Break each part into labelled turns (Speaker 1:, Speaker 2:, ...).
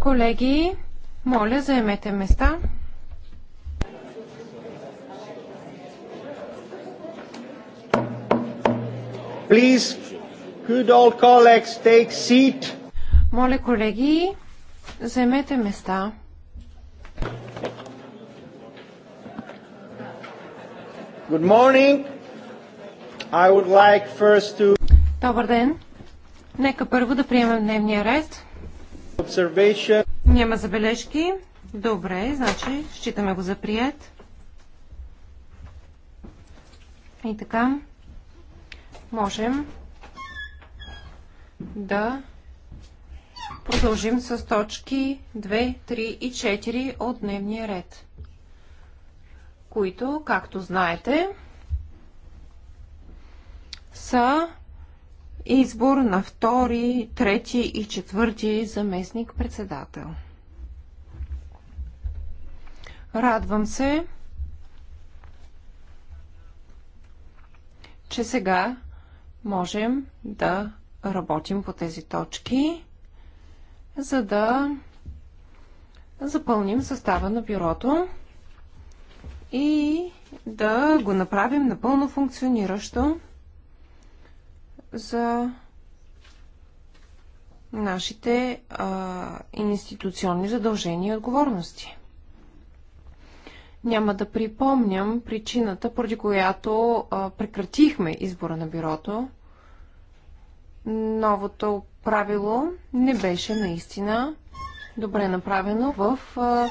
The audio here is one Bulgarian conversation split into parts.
Speaker 1: Колеги, моля, заемете места.
Speaker 2: Please, could all colleagues
Speaker 1: take seat? Моля, колеги, заемете места. Good morning. I would like first to... Добър ден. Нека първо да приемем дневния ред. Няма забележки. Добре, значи считаме го за прият. И така, можем да продължим с точки 2, 3 и 4 от дневния ред, които, както знаете, са избор на втори, трети и четвърти заместник-председател. Радвам се, че сега можем да работим по тези точки, за да запълним състава на бюрото и да го направим напълно функциониращо за нашите а, институционни задължения и отговорности. Няма да припомням причината, поради която а, прекратихме избора на бюрото. Новото правило не беше наистина добре направено в а,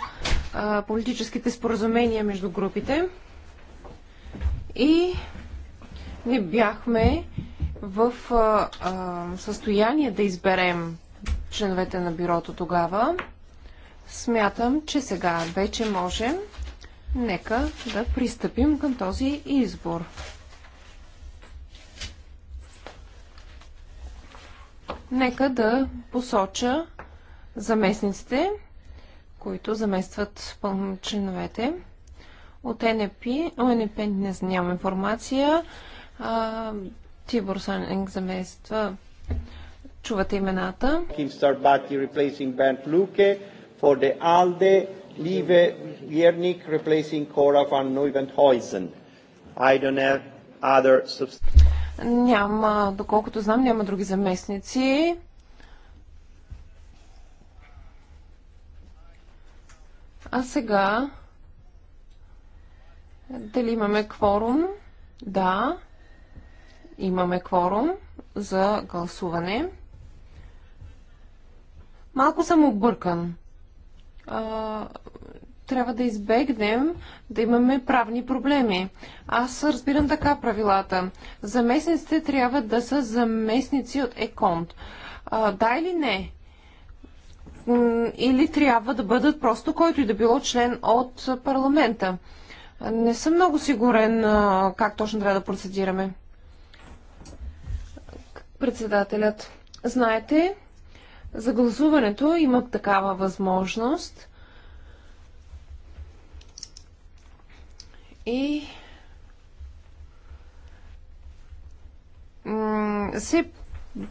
Speaker 1: а, политическите споразумения между групите и не бяхме в а, а, състояние да изберем членовете на бюрото тогава, смятам, че сега вече можем. Нека да пристъпим към този избор. Нека да посоча заместниците, които заместват членовете. От НП, ОНП не знам информация. Тибор Санинг замества. Чувате имената.
Speaker 3: Ким Старбати replacing Бент Луке for the ALDE, Lieve Viernik replacing Cora van Neuwenhuizen. I don't have other
Speaker 1: Няма, доколкото знам, няма други заместници. А сега дали имаме кворум? Да. Имаме кворум за гласуване. Малко съм объркан. А, трябва да избегнем да имаме правни проблеми. Аз разбирам така правилата. Заместниците трябва да са заместници от ЕКОНТ. А, да или не? Или трябва да бъдат просто който и да било член от парламента? Не съм много сигурен как точно трябва да процедираме. Председателят, знаете, за гласуването има такава възможност. И се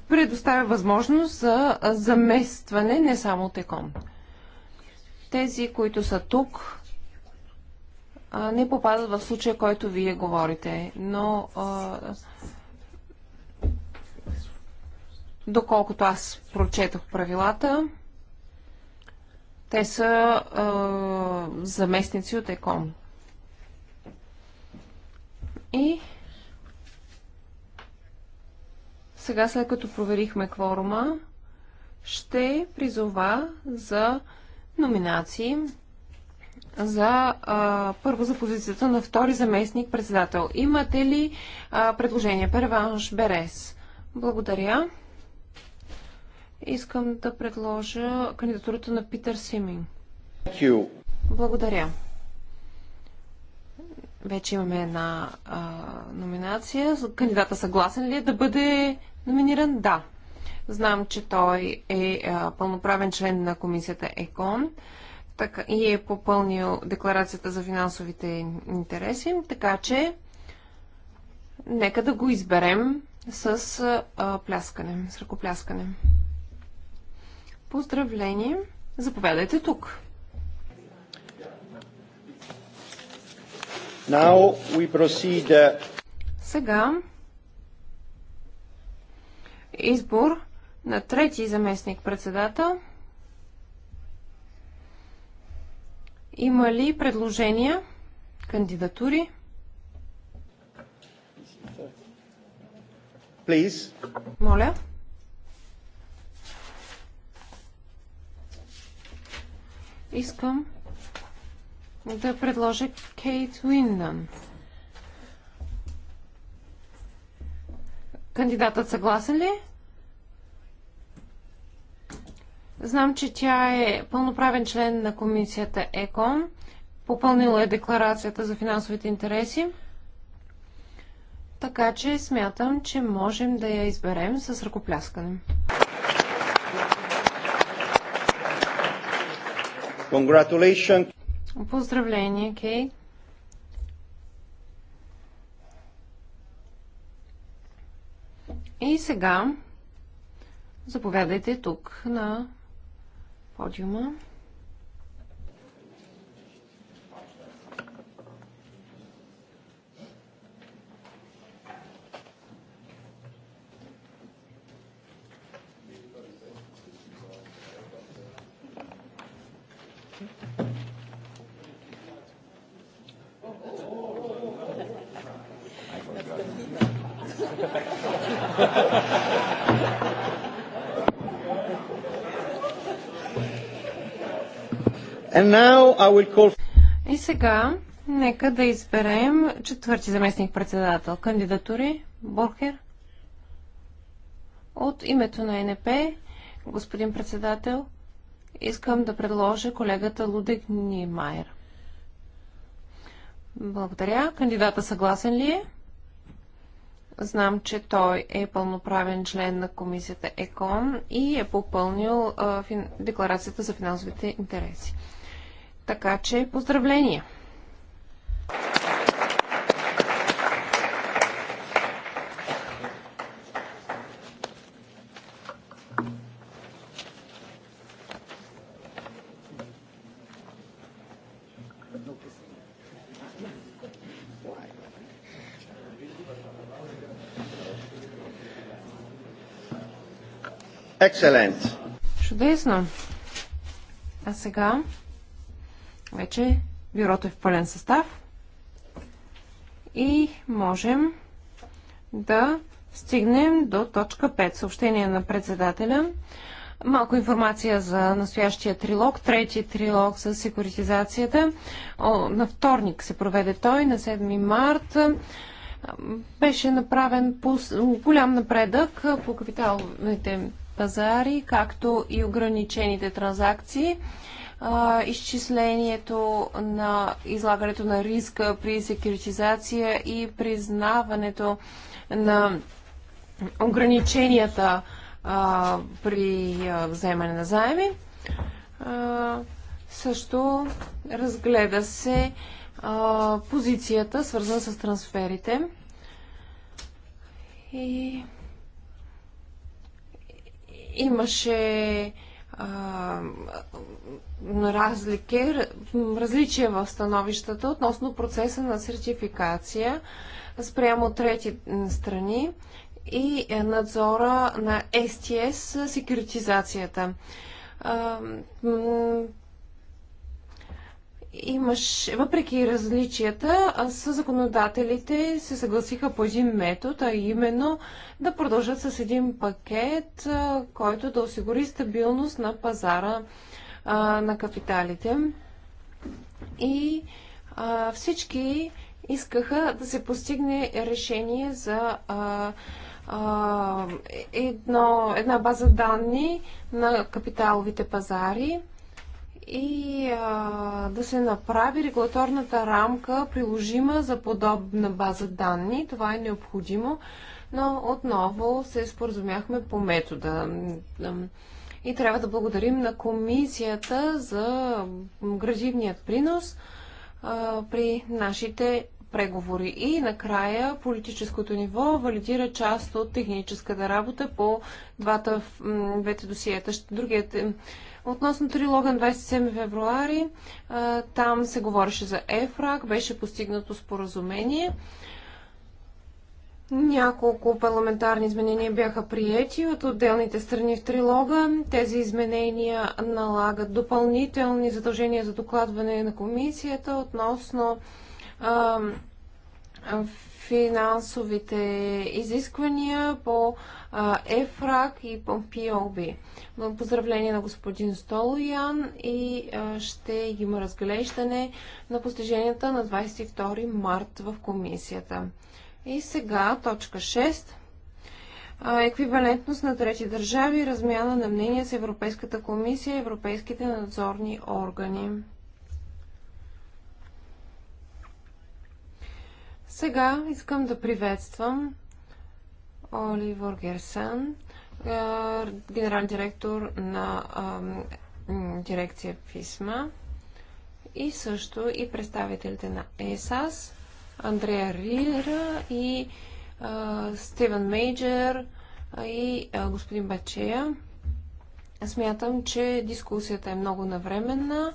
Speaker 1: предоставя възможност за заместване не само от ЕКОМ. Тези, които са тук, не попадат в случая, който вие говорите, но Доколкото аз прочетах правилата, те са а, заместници от ЕКОМ. И сега, след като проверихме кворума, ще призова за номинации за а, първо за позицията на втори заместник председател. Имате ли а, предложение? Перванш Берес. Благодаря. Искам да предложа кандидатурата на Питър Симин. Благодаря. Вече имаме една а, номинация. Кандидата съгласен ли е да бъде номиниран? Да. Знам, че той е а, пълноправен член на комисията ЕКОН така, и е попълнил декларацията за финансовите интереси, така че нека да го изберем с а, пляскане, с ръкопляскане. Поздравление! Заповядайте тук. Now we proceed. Uh, Сега избор на трети заместник председател. Има ли предложения, кандидатури? Please. Моля. искам да предложа Кейт Уиндън. Кандидатът съгласен ли? Знам, че тя е пълноправен член на комисията ЕКОН. Попълнила е декларацията за финансовите интереси. Така че смятам, че можем да я изберем с ръкопляскане.
Speaker 2: Congratulations.
Speaker 1: Поздравление, Кей. И сега заповядайте тук на подиума. call... И сега нека да изберем четвърти заместник председател. Кандидатури Борхер. От името на НП, господин председател, искам да предложа колегата Лудек Нимайер. Благодаря. Кандидата съгласен ли е? Знам, че той е пълноправен член на комисията ЕКОН и е попълнил а, фин... декларацията за финансовите интереси. Така че поздравления! Excellent. Чудесно. А сега вече бюрото е в пълен състав и можем да стигнем до точка 5. Съобщение на председателя. Малко информация за настоящия трилог. Трети трилог с секуритизацията. О, на вторник се проведе той, на 7 март. Беше направен голям напредък по капиталните пазари, както и ограничените транзакции а, изчислението на излагането на риска при секюритизация и признаването на ограниченията а, при а, вземане на заеми. А, също разгледа се а, позицията, свързана с трансферите. И имаше разлики, различия в становищата относно процеса на сертификация спрямо трети страни и е, надзора на STS секюритизацията имаш, въпреки различията, с законодателите се съгласиха по един метод, а именно да продължат с един пакет, който да осигури стабилност на пазара на капиталите. И всички искаха да се постигне решение за едно, една база данни на капиталовите пазари и а, да се направи регулаторната рамка приложима за подобна база данни. Това е необходимо, но отново се споразумяхме по метода. И трябва да благодарим на комисията за градивният принос а, при нашите преговори. И накрая политическото ниво валидира част от техническата работа по двата, двете досиета. Другият Относно трилога на 27 февруари, там се говореше за ЕФРАК, беше постигнато споразумение. Няколко парламентарни изменения бяха приети от отделните страни в трилога. Тези изменения налагат допълнителни задължения за докладване на комисията относно финансовите изисквания по ЕФРАК и по POB. Поздравление на господин Столоян и ще има разглеждане на постиженията на 22 март в комисията. И сега точка 6 еквивалентност на трети държави размяна на мнения с Европейската комисия и европейските надзорни органи. Сега искам да приветствам Оливор Герсан, генерален директор на дирекция ПИСМА и също и представителите на ЕСАС, Андрея Рира и Стивен Мейджер и господин Бачея. Смятам, че дискусията е много навременна.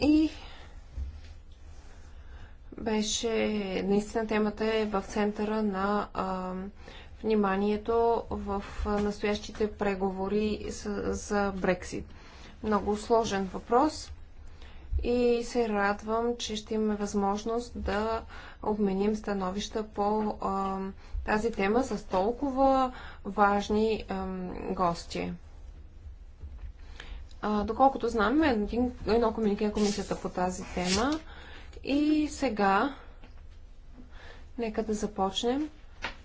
Speaker 1: И беше, наистина темата е в центъра на а, вниманието в настоящите преговори с, за Брексит. Много сложен въпрос и се радвам, че ще имаме възможност да обменим становища по а, тази тема с толкова важни а, гости. А, доколкото знам, едно, едно комюнике е комисията по тази тема. И сега, нека да започнем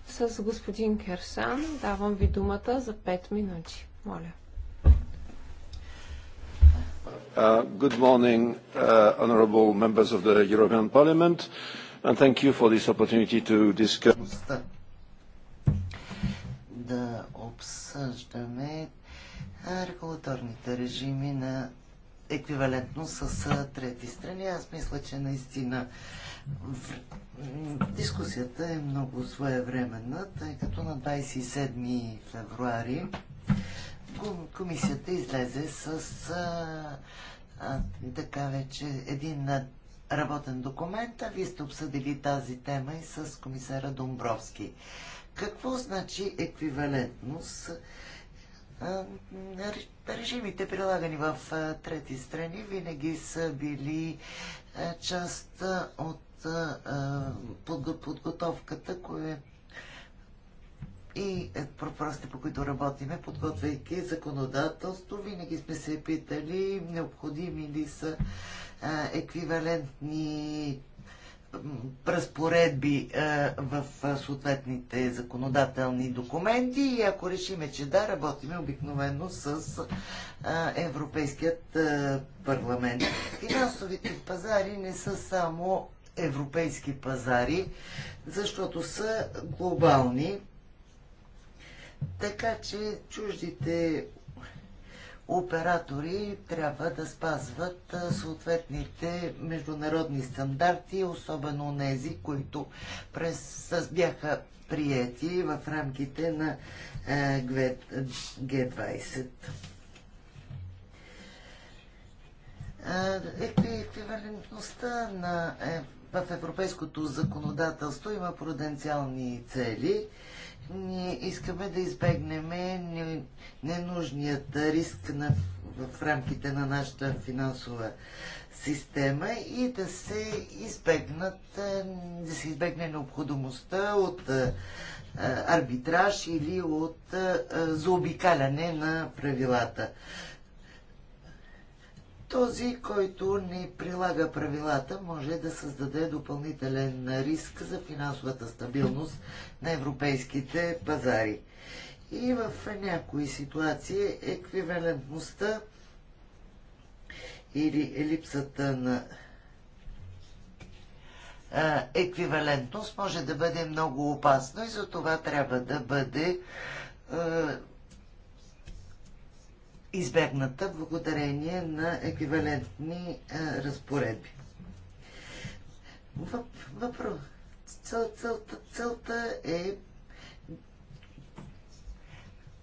Speaker 1: с господин Керсан. Давам ви думата за 5 минути. Моля. Uh, good morning, uh, honorable members of the European Parliament, and thank you for this opportunity to discuss.
Speaker 3: Да обсъждаме регулаторните режими на еквивалентно с трети страни. Аз мисля, че наистина дискусията е много своевременна, тъй като на 27 февруари комисията излезе с а, така вече един работен документ, а вие сте обсъдили тази тема и с комисара Домбровски. Какво значи еквивалентност? режимите, прилагани в трети страни, винаги са били част от подготовката, кое и въпросите, е, по които работиме, подготвяйки законодателство, винаги сме се питали необходими ли са еквивалентни разпоредби е, в е, съответните законодателни документи и ако решиме, че да, работиме обикновено с е, Европейският парламент. Финансовите пазари не са само европейски пазари, защото са глобални, така че чуждите оператори трябва да спазват съответните международни стандарти, особено тези, които през, бяха прияти в рамките на Г20. Еквивалентността на, е, в европейското законодателство има пруденциални цели ние искаме да избегнем ненужният риск на, в рамките на нашата финансова система и да се избегнат, е, да се избегне необходимостта от е, арбитраж или от е, заобикаляне на правилата. Този, който не прилага правилата, може да създаде допълнителен риск за финансовата стабилност на европейските пазари. И в някои ситуации еквивалентността или липсата на еквивалентност може да бъде много опасно и за това трябва да бъде избегната благодарение на еквивалентни а, е, разпоредби. Въпрос. Цел, целта, целта е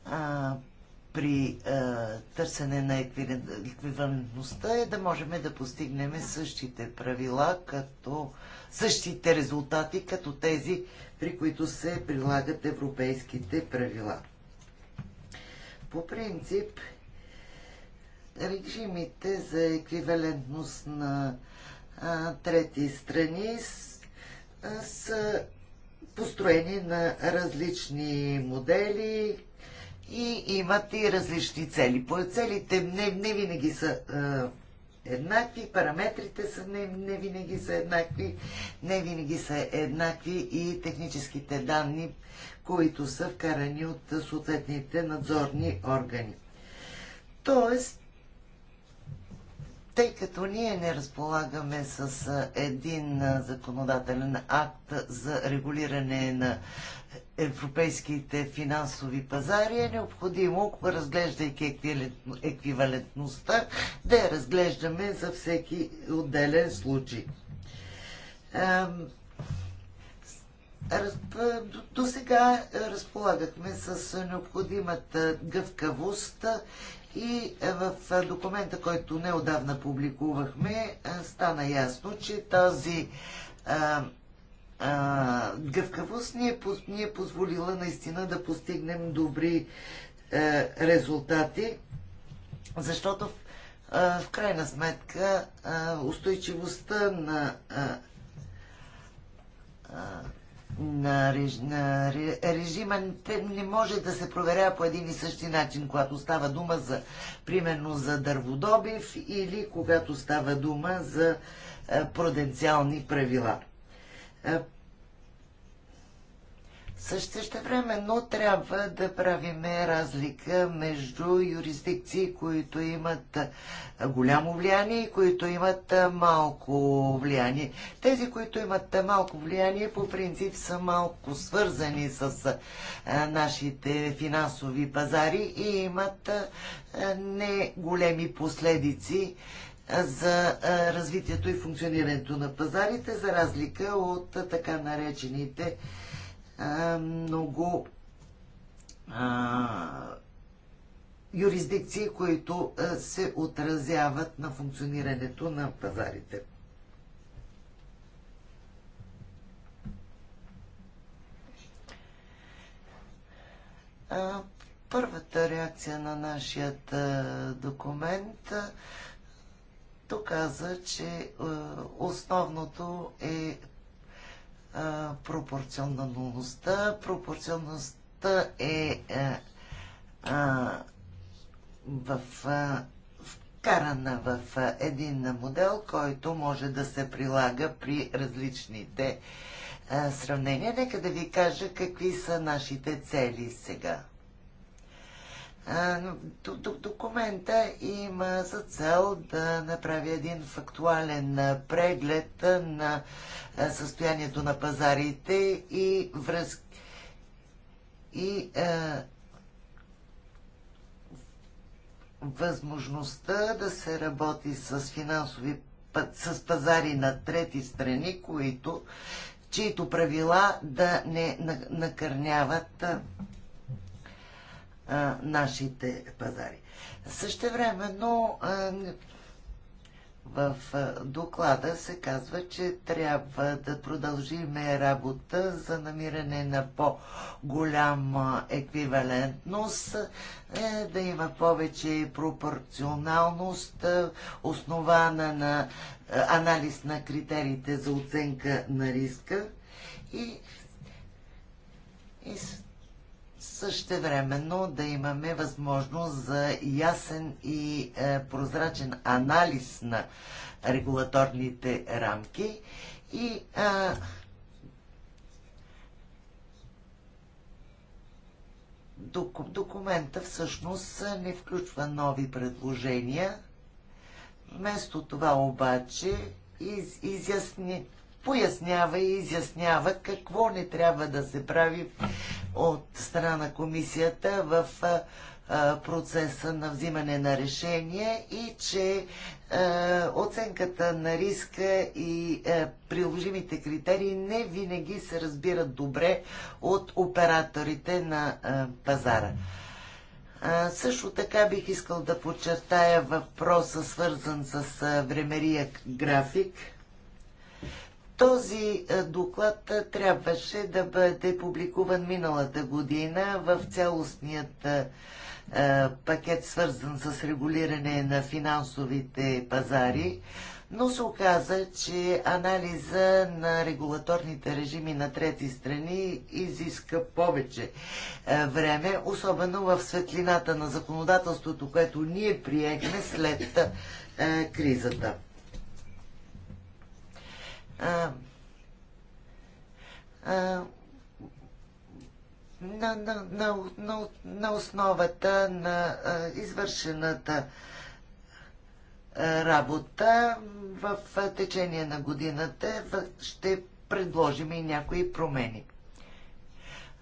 Speaker 3: а, при а, е, търсене на еквивалентността е да можем да постигнем същите правила, като същите резултати, като тези, при които се прилагат европейските правила. По принцип, режимите за еквивалентност на а, трети страни са построени на различни модели и имат и различни цели. По целите не, не винаги са а, еднакви, параметрите са не, не винаги са еднакви, не винаги са еднакви и техническите данни, които са вкарани от съответните надзорни органи. Тоест, тъй като ние не разполагаме с един законодателен акт за регулиране на европейските финансови пазари, е необходимо, разглеждайки еквивалентността, да я разглеждаме за всеки отделен случай. До сега разполагахме с необходимата гъвкавост и е, в е, документа, който неодавна публикувахме, е, стана ясно, че тази а, а, гъвкавост ни е, ни е позволила наистина да постигнем добри а, резултати, защото в, а, в крайна сметка а, устойчивостта на а, а, на, реж, на режима не може да се проверява по един и същи начин, когато става дума за, примерно, за дърводобив или когато става дума за е, пруденциални правила. Е, но трябва да правиме разлика между юрисдикции, които имат голямо влияние и които имат малко влияние. Тези, които имат малко влияние, по принцип са малко свързани с нашите финансови пазари и имат не големи последици за развитието и функционирането на пазарите, за разлика от така наречените много юрисдикции, които се отразяват на функционирането на пазарите. Първата реакция на нашия документ доказа, че основното е пропорционалността. Пропорционалността е, е в вкарана в един модел, който може да се прилага при различните сравнения. Нека да ви кажа какви са нашите цели сега. Документа има за цел да направи един фактуален преглед на състоянието на пазарите и връзки и възможността да се работи с финансови с пазари на трети страни, които, чието правила да не накърняват а, нашите пазари. но а, в доклада се казва, че трябва да продължиме работа за намиране на по-голяма еквивалентност, е, да има повече пропорционалност, е, основана на е, анализ на критериите за оценка на риска и, и същевременно да имаме възможност за ясен и е, прозрачен анализ на регулаторните рамки и е, документа всъщност не включва нови предложения. Вместо това обаче изясни, пояснява и изяснява какво не трябва да се прави от страна на комисията в процеса на взимане на решения и че оценката на риска и приложимите критерии не винаги се разбират добре от операторите на пазара. Също така бих искал да подчертая въпроса, свързан с времерия график – този е, доклад е, трябваше да бъде публикуван миналата година в цялостният е, пакет, свързан с регулиране на финансовите пазари, но се оказа, че анализа на регулаторните режими на трети страни изиска повече време, особено в светлината на законодателството, което ние приехме след кризата на, на, на, на, на основата на а, извършената работа в течение на годината ще предложим и някои промени.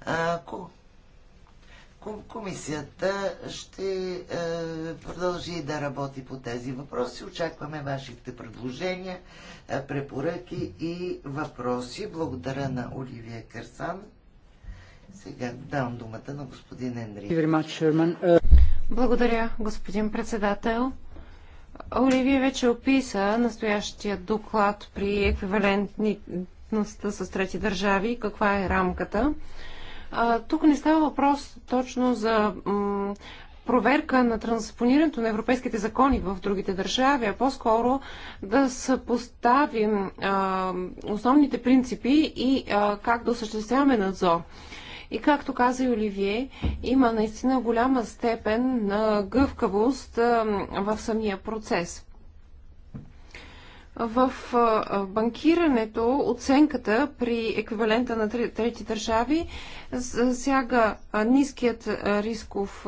Speaker 3: Ако Комисията ще е, продължи да работи по тези въпроси. Очакваме вашите предложения, е, препоръки и въпроси. Благодаря на Оливия Кърсан. Сега давам думата на господин Енри.
Speaker 1: Е, Благодаря, господин председател. Оливия вече описа настоящия доклад при еквивалентността с трети държави, каква е рамката. А, тук не става въпрос точно за проверка на транспонирането на европейските закони в другите държави, а по-скоро да съпоставим а, основните принципи и а, как да осъществяваме надзор. И както каза и Оливие, има наистина голяма степен на гъвкавост а, в самия процес в банкирането оценката при еквивалента на трети държави засяга ниският рисков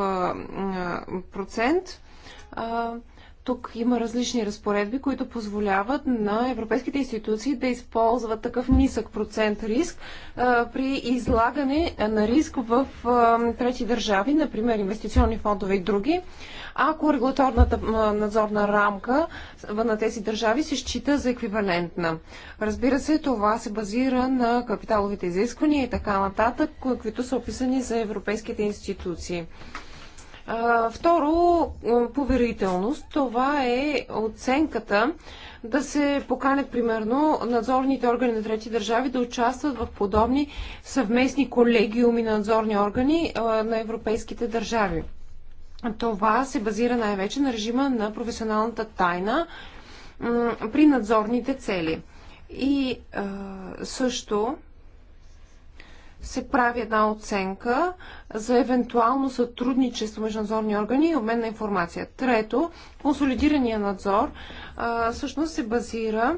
Speaker 1: процент тук има различни разпоредби, които позволяват на европейските институции да използват такъв нисък процент риск а, при излагане на риск в а, трети държави, например инвестиционни фондове и други, ако регулаторната надзорна рамка на тези държави се счита за еквивалентна. Разбира се, това се базира на капиталовите изисквания и така нататък, които са описани за европейските институции. Второ, поверителност. Това е оценката да се поканят, примерно, надзорните органи на трети държави да участват в подобни съвместни колегиуми на надзорни органи на европейските държави. Това се базира най-вече на режима на професионалната тайна при надзорните цели. И също се прави една оценка за евентуално сътрудничество между надзорни органи и обмен на информация. Трето, консолидирания надзор а, всъщност се базира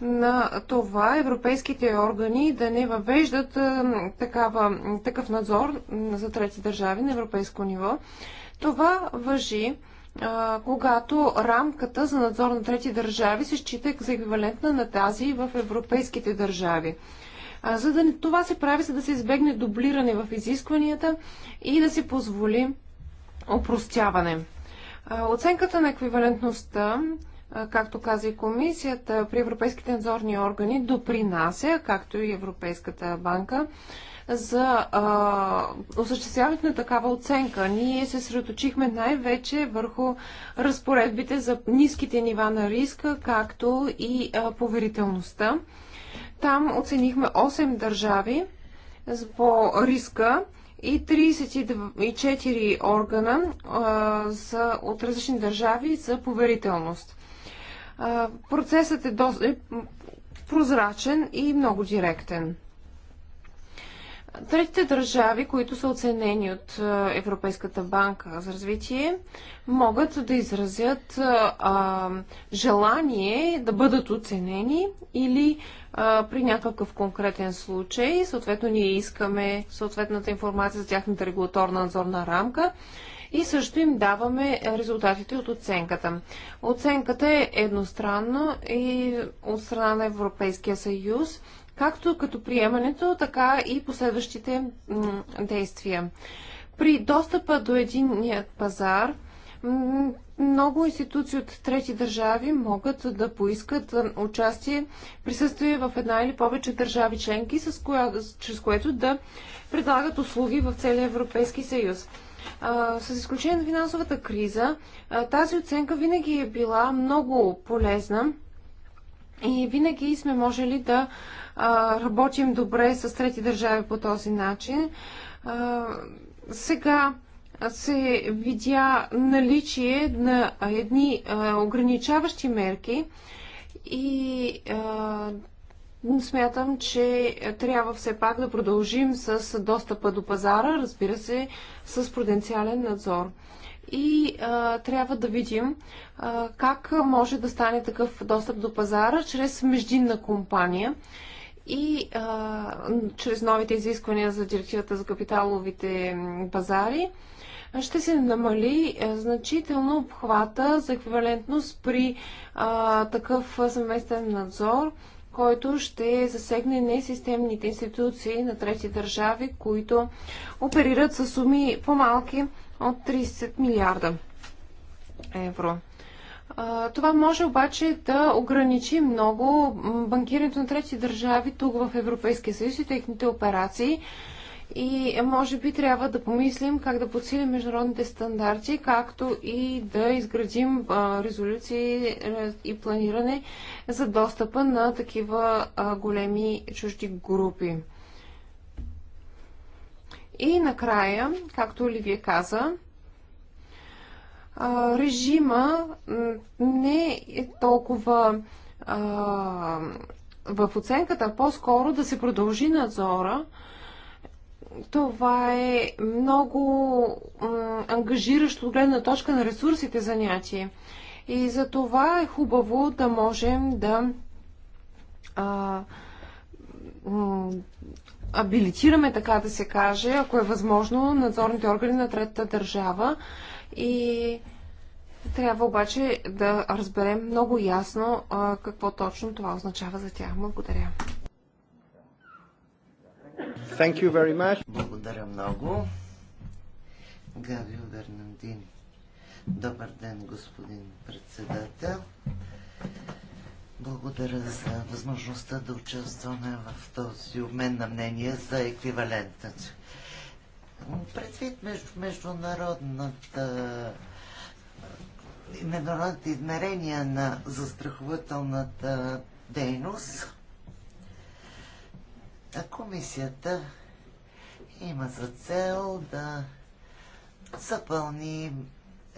Speaker 1: на това европейските органи да не въвеждат такава, такъв надзор за трети държави на европейско ниво. Това въжи а, когато рамката за надзор на трети държави се счита за еквивалентна на тази в европейските държави. За да не, това се прави, за да се избегне дублиране в изискванията и да се позволи опростяване. Оценката на еквивалентността, както каза и комисията, при европейските надзорни органи допринася, както и Европейската банка, за а, осъществяването на такава оценка. Ние се средоточихме най-вече върху разпоредбите за ниските нива на риска, както и а, поверителността. Там оценихме 8 държави по риска и 34 органа а, от различни държави за поверителност. А, процесът е, е прозрачен и много директен. Третите държави, които са оценени от е, Европейската банка за развитие, могат да изразят е, а, желание да бъдат оценени или а, е, при някакъв конкретен случай, съответно ние искаме съответната информация за тяхната регулаторна надзорна рамка и също им даваме резултатите от оценката. Оценката е едностранна и от страна на Европейския съюз – както като приемането, така и последващите действия. При достъпа до единният пазар, много институции от трети държави могат да поискат участие, присъствие в една или повече държави членки, с коя, чрез което да предлагат услуги в целия Европейски съюз. А, с изключение на финансовата криза, а, тази оценка винаги е била много полезна и винаги сме можели да а, работим добре с трети държави по този начин. А, сега се видя наличие на едни а, ограничаващи мерки и а, смятам, че трябва все пак да продължим с достъпа до пазара, разбира се, с пруденциален надзор и а, трябва да видим а, как може да стане такъв достъп до пазара чрез междинна компания и а, чрез новите изисквания за директивата за капиталовите пазари ще се намали значително обхвата за еквивалентност при а, такъв съвместен надзор, който ще засегне несистемните институции на трети държави, които оперират с суми по-малки от 30 милиарда евро. Това може обаче да ограничи много банкирането на трети държави тук в Европейския съюз и техните операции. И може би трябва да помислим как да подсилим международните стандарти, както и да изградим резолюции и планиране за достъпа на такива големи чужди групи. И накрая, както Оливия каза, режима не е толкова в оценката, а по-скоро да се продължи надзора. Това е много ангажиращо от гледна точка на ресурсите занятие. И за това е хубаво да можем да абилитираме, така да се каже, ако е възможно, надзорните органи на третата държава. И трябва обаче да разберем много ясно а, какво точно това означава за тях. Благодаря.
Speaker 3: Thank you very much. Благодаря много. Гаврио Бернандин. Добър ден, господин председател. Благодаря за възможността да участваме в този обмен на мнение за еквивалентът. Предвид между международната международните измерения на застрахователната дейност, комисията има за цел да запълни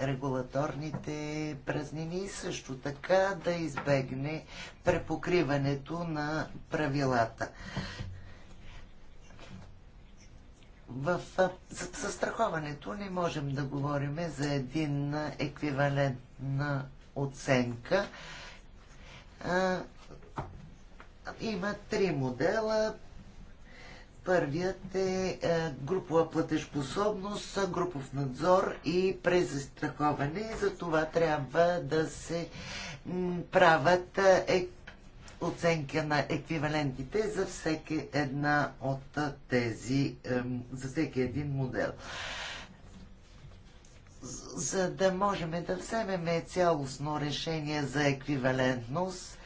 Speaker 3: регулаторните празнини и също така да избегне препокриването на правилата. В застраховането не можем да говорим за един еквивалентна оценка. А, има три модела Първият е, е групова платежпособност, групов надзор и презастраховане. За това трябва да се правят е, е, оценка на еквивалентите за всеки една от тези, за всеки един модел. За да можем да вземем цялостно решение за еквивалентност,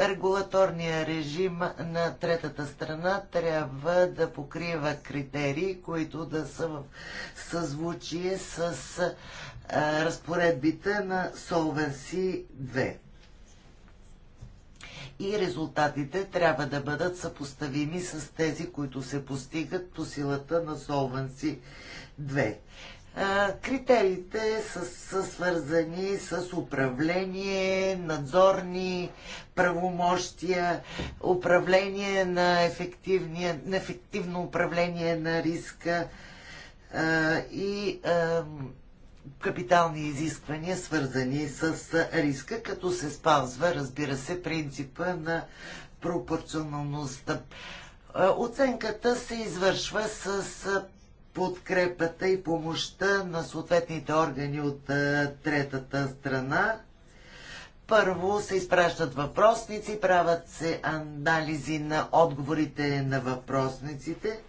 Speaker 3: регулаторния режим на третата страна трябва да покрива критерии, които да са в съзвучие с а, разпоредбите на Solvency 2. И резултатите трябва да бъдат съпоставими с тези, които се постигат по силата на Solvency 2. Критериите са, са свързани с управление, надзорни правомощия, управление на, на ефективно управление на риска а, и а, капитални изисквания, свързани с риска, като се спазва, разбира се, принципа на пропорционалността. Оценката се извършва с подкрепата и помощта на съответните органи от третата страна. Първо се изпращат въпросници, правят се анализи на отговорите на въпросниците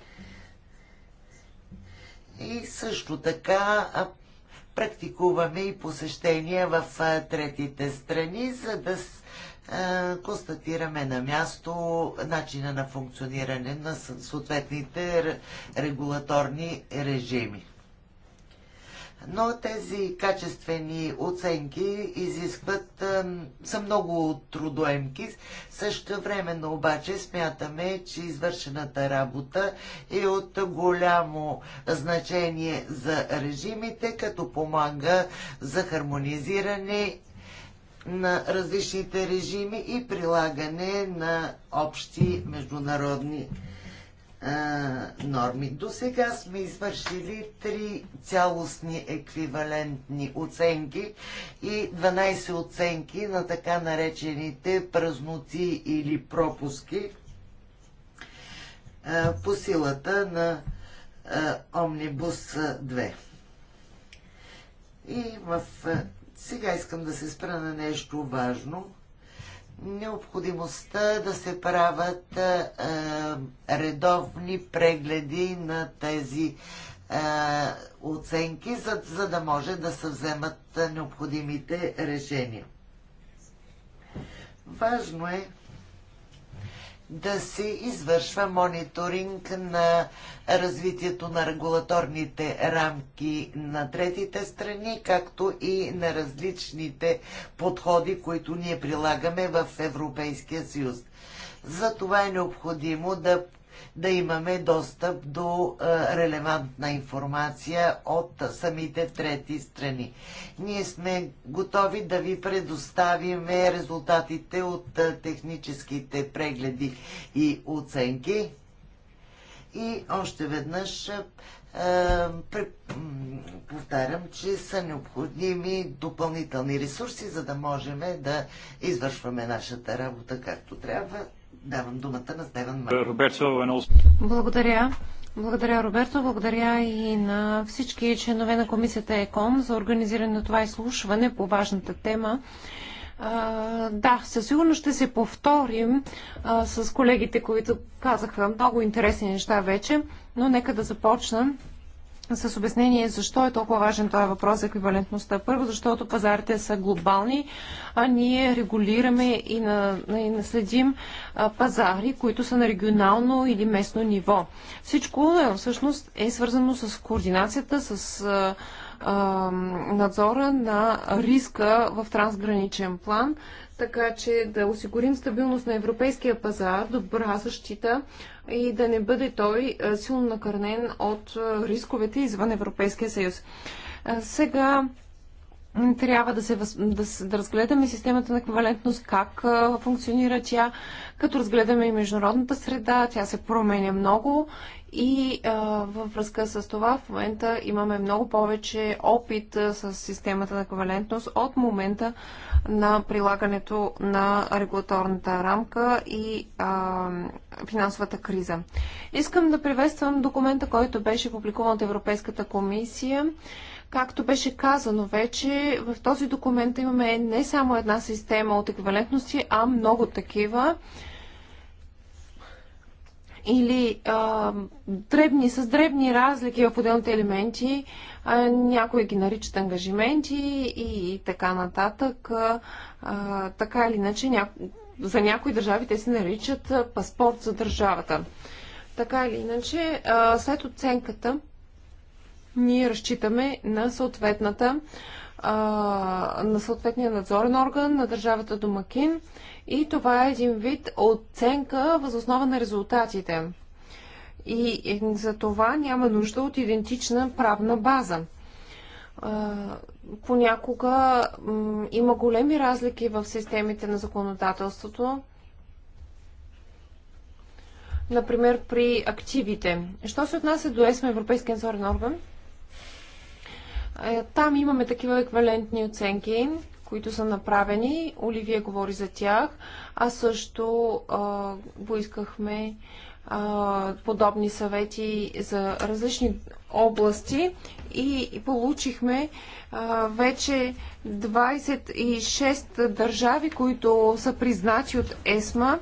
Speaker 3: и също така практикуваме и посещения в третите страни, за да е, констатираме на място начина на функциониране на съответните регулаторни режими. Но тези качествени оценки изискват, е, са много трудоемки. Също времено обаче смятаме, че извършената работа е от голямо значение за режимите, като помага за хармонизиране на различните режими и прилагане на общи международни а, норми. До сега сме извършили три цялостни еквивалентни оценки и 12 оценки на така наречените празноти или пропуски а, по силата на а, Омнибус 2. И в сега искам да се спра на нещо важно. Необходимостта да се правят а, редовни прегледи на тези а, оценки, за, за да може да се вземат необходимите решения. Важно е да се извършва мониторинг на развитието на регулаторните рамки на третите страни, както и на различните подходи, които ние прилагаме в Европейския съюз. За това е необходимо да да имаме достъп до релевантна информация от самите трети страни. Ние сме готови да ви предоставим резултатите от техническите прегледи и оценки. И още веднъж повтарям, че са необходими допълнителни ресурси, за да можем да извършваме нашата работа както трябва давам думата на Стеван
Speaker 1: Благодаря. Благодаря, Роберто. Благодаря и на всички членове на комисията ЕКОН за организиране на това изслушване по важната тема. да, със сигурност ще се повторим с колегите, които казаха много интересни неща вече, но нека да започнем с обяснение защо е толкова важен този въпрос за еквивалентността. Първо, защото пазарите са глобални, а ние регулираме и, на, и наследим пазари, които са на регионално или местно ниво. Всичко е, всъщност е свързано с координацията, с а, а, надзора на риска в трансграничен план, така че да осигурим стабилност на европейския пазар, добра защита и да не бъде той силно накърнен от рисковете извън Европейския съюз. Сега трябва да, се, да, да разгледаме системата на еквивалентност, как а, функционира тя, като разгледаме и международната среда, тя се променя много и а, във връзка с това в момента имаме много повече опит а, с системата на еквивалентност от момента на прилагането на регулаторната рамка и а, финансовата криза. Искам да приветствам документа, който беше публикуван от Европейската комисия. Както беше казано вече, в този документ имаме не само една система от еквивалентности, а много такива. Или а, дребни, с дребни разлики в отделните елементи, а, някои ги наричат ангажименти и, и така нататък. А, така или иначе, ня... за някои държави те се наричат паспорт за държавата. Така или иначе, а, след оценката, ние разчитаме на съответната на съответния надзорен орган на държавата Домакин и това е един вид оценка възоснова на резултатите. И за това няма нужда от идентична правна база. Понякога има големи разлики в системите на законодателството. Например, при активите. Що се отнася до ЕСМ, Европейския надзорен орган, е, там имаме такива еквивалентни оценки, които са направени. Оливия говори за тях. А също а, поискахме а, подобни съвети за различни области и, получихме а, вече 26 държави, които са признати от ЕСМА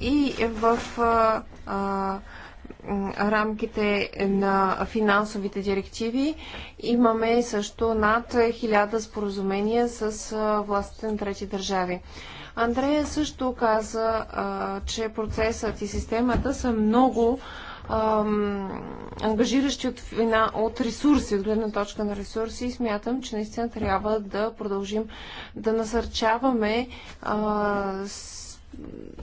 Speaker 1: и в а, а, рамките на финансовите директиви имаме също над 1000 споразумения с властите на трети държави. Андрея също каза, че процесът и системата са много ангажиращи от, от ресурси, от гледна точка на ресурси и смятам, че наистина трябва да продължим да насърчаваме а,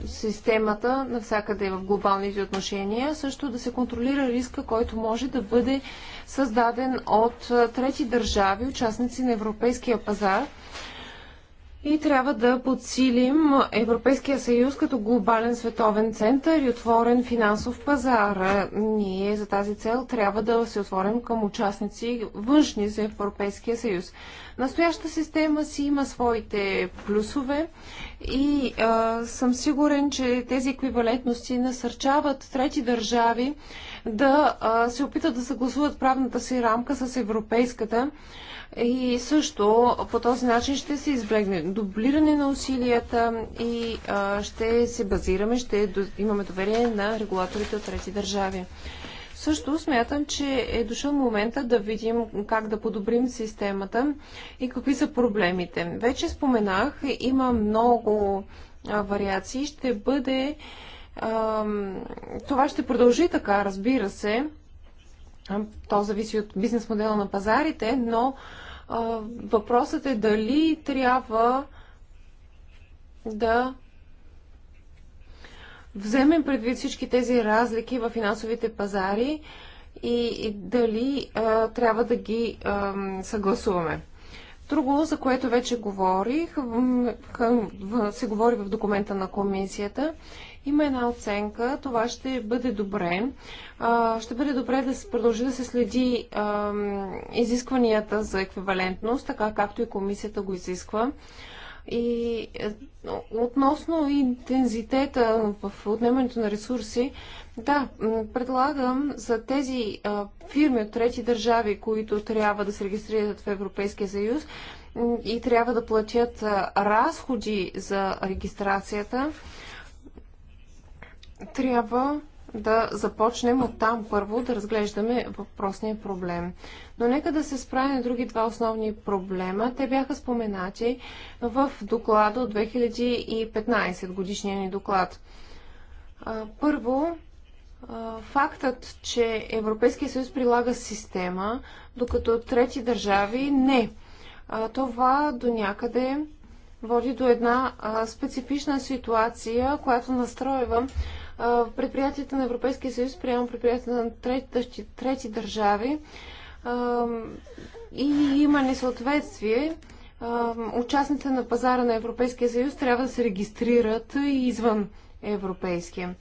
Speaker 1: системата навсякъде в глобалните отношения, също да се контролира риска, който може да бъде създаден от трети държави, участници на европейския пазар, и трябва да подсилим Европейския съюз като глобален световен център и отворен финансов пазар. Ние за тази цел трябва да се отворим към участници външни за Европейския съюз. Настоящата система си има своите плюсове и а, съм сигурен, че тези еквивалентности насърчават трети държави да а, се опитат да съгласуват правната си рамка с европейската и също по този начин ще се избегне дублиране на усилията и а, ще се базираме, ще имаме доверие на регулаторите от трети държави. Също смятам, че е дошъл момента да видим как да подобрим системата и какви са проблемите. Вече споменах, има много а, вариации. Ще бъде. А, това ще продължи така, разбира се то зависи от бизнес модела на пазарите, но а, въпросът е дали трябва да вземем предвид всички тези разлики в финансовите пазари и, и дали а, трябва да ги а, съгласуваме. Друго, за което вече говорих, се говори в документа на комисията, има една оценка, това ще бъде добре. Ще бъде добре да се продължи да се следи изискванията за еквивалентност, така както и комисията го изисква. И е, относно интензитета в отнемането на ресурси, да, предлагам за тези фирми от трети държави, които трябва да се регистрират в Европейския съюз и трябва да платят разходи за регистрацията, трябва да започнем от там първо да разглеждаме въпросния проблем. Но нека да се справим на други два основни проблема. Те бяха споменати в доклада от 2015 годишния ни доклад. Първо, фактът, че Европейския съюз прилага система, докато трети държави не. Това до някъде води до една специфична ситуация, която настройва предприятията на Европейския съюз приема предприятията на трети, трети държави и има несъответствие. Участниците на пазара на Европейския съюз трябва да се регистрират извън европейския.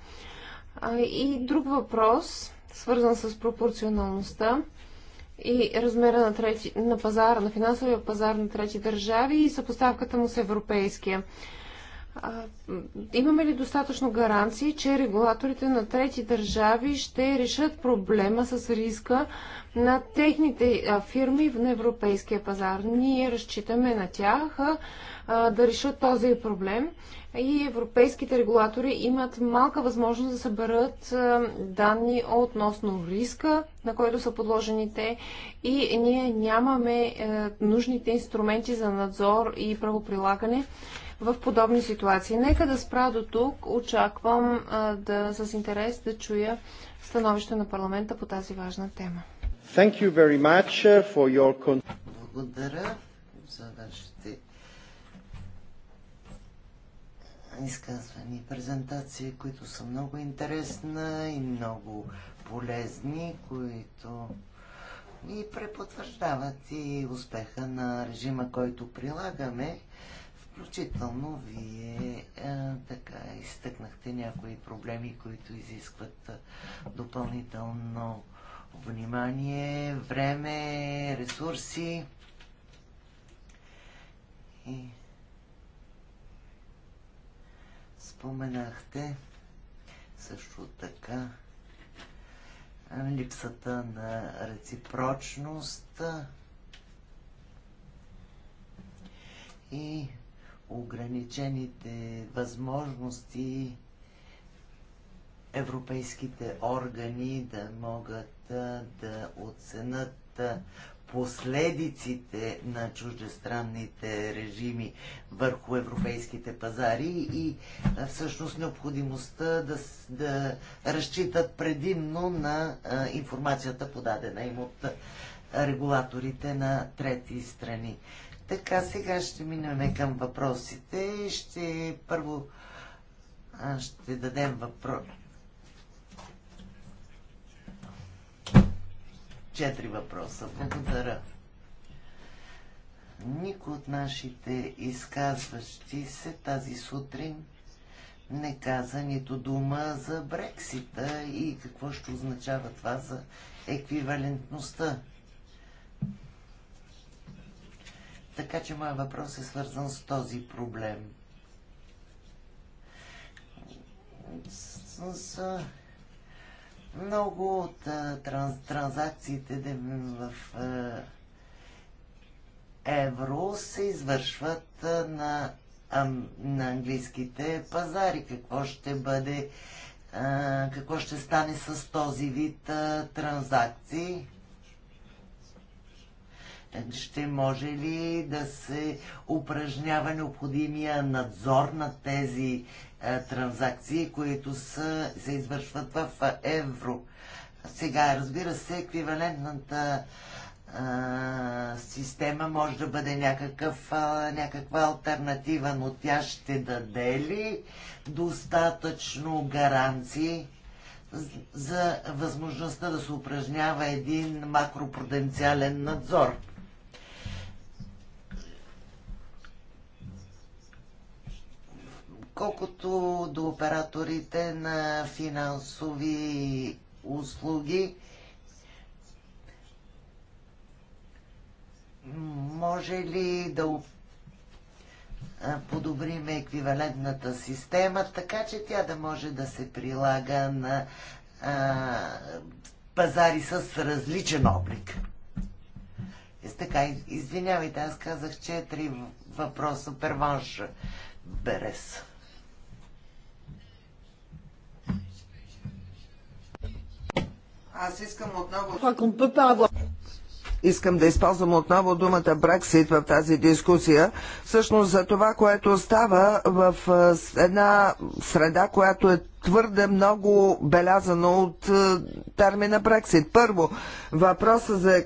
Speaker 1: И друг въпрос, свързан с пропорционалността и размера на, трети, на пазара, на финансовия пазар на трети държави и съпоставката му с европейския имаме ли достатъчно гаранции, че регулаторите на трети държави ще решат проблема с риска на техните фирми в европейския пазар? Ние разчитаме на тях да решат този проблем и европейските регулатори имат малка възможност да съберат данни относно риска, на който са подложени те и ние нямаме е, нужните инструменти за надзор и правоприлагане в подобни ситуации. Нека да спра до тук. Очаквам а, да, с интерес да чуя становище на парламента по тази важна тема.
Speaker 3: Thank you very much uh, for your... Благодаря за вашите изказвани презентации, които са много интересна и много полезни, които и препотвърждават и успеха на режима, който прилагаме Включително вие а, е, така изтъкнахте някои проблеми, които изискват е, допълнително внимание, време, ресурси. И споменахте също така е, липсата на реципрочност и ограничените възможности европейските органи да могат да оценят последиците на чуждестранните режими върху европейските пазари и всъщност необходимостта да, да разчитат предимно на информацията подадена им от регулаторите на трети страни. Така, сега ще минем към въпросите. Ще първо ще дадем въпрос. Четири въпроса. Благодаря. Никой от нашите изказващи се тази сутрин не каза нито дума за Брексита и какво ще означава това за еквивалентността Така че моят въпрос е свързан с този проблем. С, с много от транз, транзакциите в евро се извършват на, на английските пазари. Какво ще бъде, какво ще стане с този вид транзакции? ще може ли да се упражнява необходимия надзор на тези е, транзакции, които са, се извършват в евро? Сега, разбира се, еквивалентната е, система може да бъде някакъв, е, някаква альтернатива, но тя ще даде ли достатъчно гаранции за възможността да се упражнява един макропруденциален надзор? Колкото до операторите на финансови услуги, може ли да подобрим еквивалентната система, така че тя да може да се прилага на а, пазари с различен облик? Е, така, извинявайте, аз казах четири въпроса. Перванш Берес.
Speaker 2: Аз искам отново... Искам да използвам отново думата Брексит в тази дискусия. Всъщност за това, което става в една среда, която е твърде много белязано от термина Брексит. Първо, въпроса за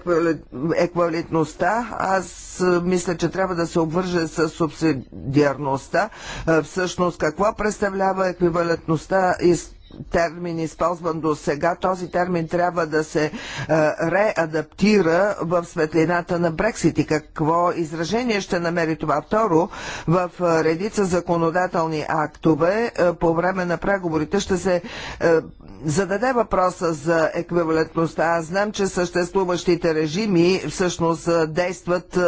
Speaker 2: еквалитността, аз мисля, че трябва да се обвърже с субсидиарността. Всъщност, какво представлява еквивалентността и термин използван до сега. Този термин трябва да се е, реадаптира в светлината на Брексит и какво изражение ще намери това. Второ, в е, редица законодателни актове е, по време на преговорите ще се зададе въпроса за еквивалентността. Аз знам, че съществуващите режими всъщност действат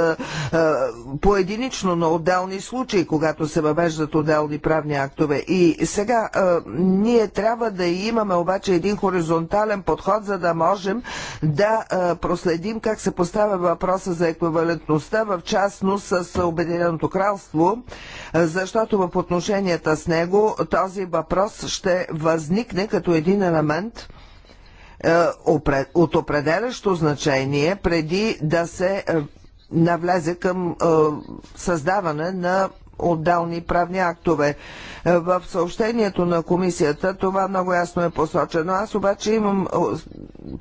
Speaker 2: поединично на отделни случаи, когато се въвеждат отделни правни актове. И сега ние трябва да имаме обаче един хоризонтален подход, за да можем да проследим как се поставя въпроса за еквивалентността, в частност с Обединеното кралство, защото в отношенията с него този въпрос ще възникне като един елемент е, от определящо значение преди да се е, навлезе към е, създаване на отделни правни актове. Е, в съобщението на комисията това много ясно е посочено. Аз обаче имам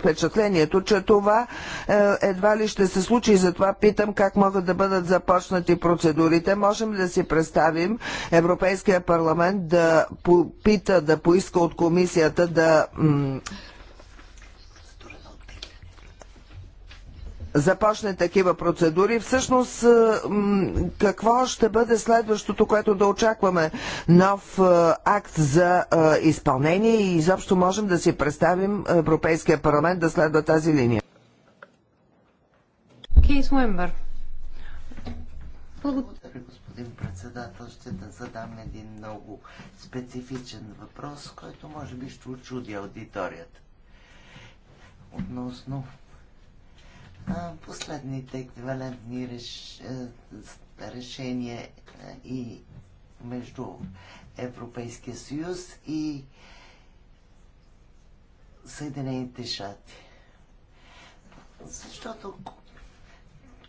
Speaker 2: впечатлението, че това е, едва ли ще се случи и затова питам как могат да бъдат започнати процедурите. Можем ли да си представим Европейския парламент да попита, да поиска от комисията да започне такива процедури. Всъщност, какво ще бъде следващото, което да очакваме? Нов акт за изпълнение и изобщо можем да си представим Европейския парламент да следва тази линия.
Speaker 1: Кейс Уембър. Благодаря,
Speaker 3: господин председател. Ще да задам един много специфичен въпрос, който може би ще очуди аудиторията. Относно последните еквивалентни реш... Е, решения е, и между Европейския съюз и Съединените щати. Защото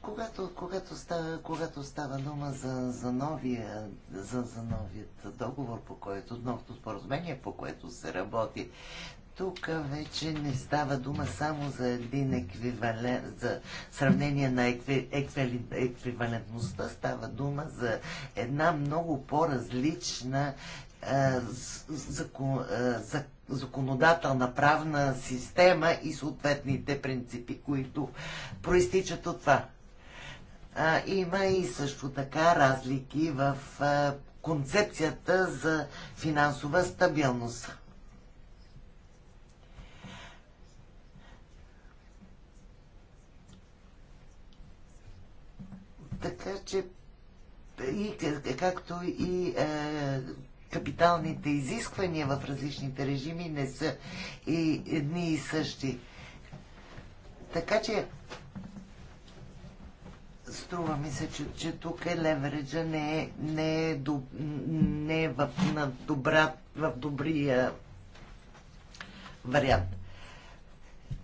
Speaker 3: когато, когато, става, когато става дума за, за, новия, за, за новият договор, по който, новото споразумение, по което се работи, тук вече не става дума само за един еквивалент, за сравнение на екви, еквивалентността, става дума за една много по-различна е, закон, е, законодателна правна система и съответните принципи, които проистичат от това. А, има и също така разлики в а, е, концепцията за финансова стабилност. така че и, както и е, капиталните изисквания в различните режими не са и едни и същи. Така че струва ми се, че, че тук е левереджа не е, не е, до, не е в, на добра, в добрия вариант.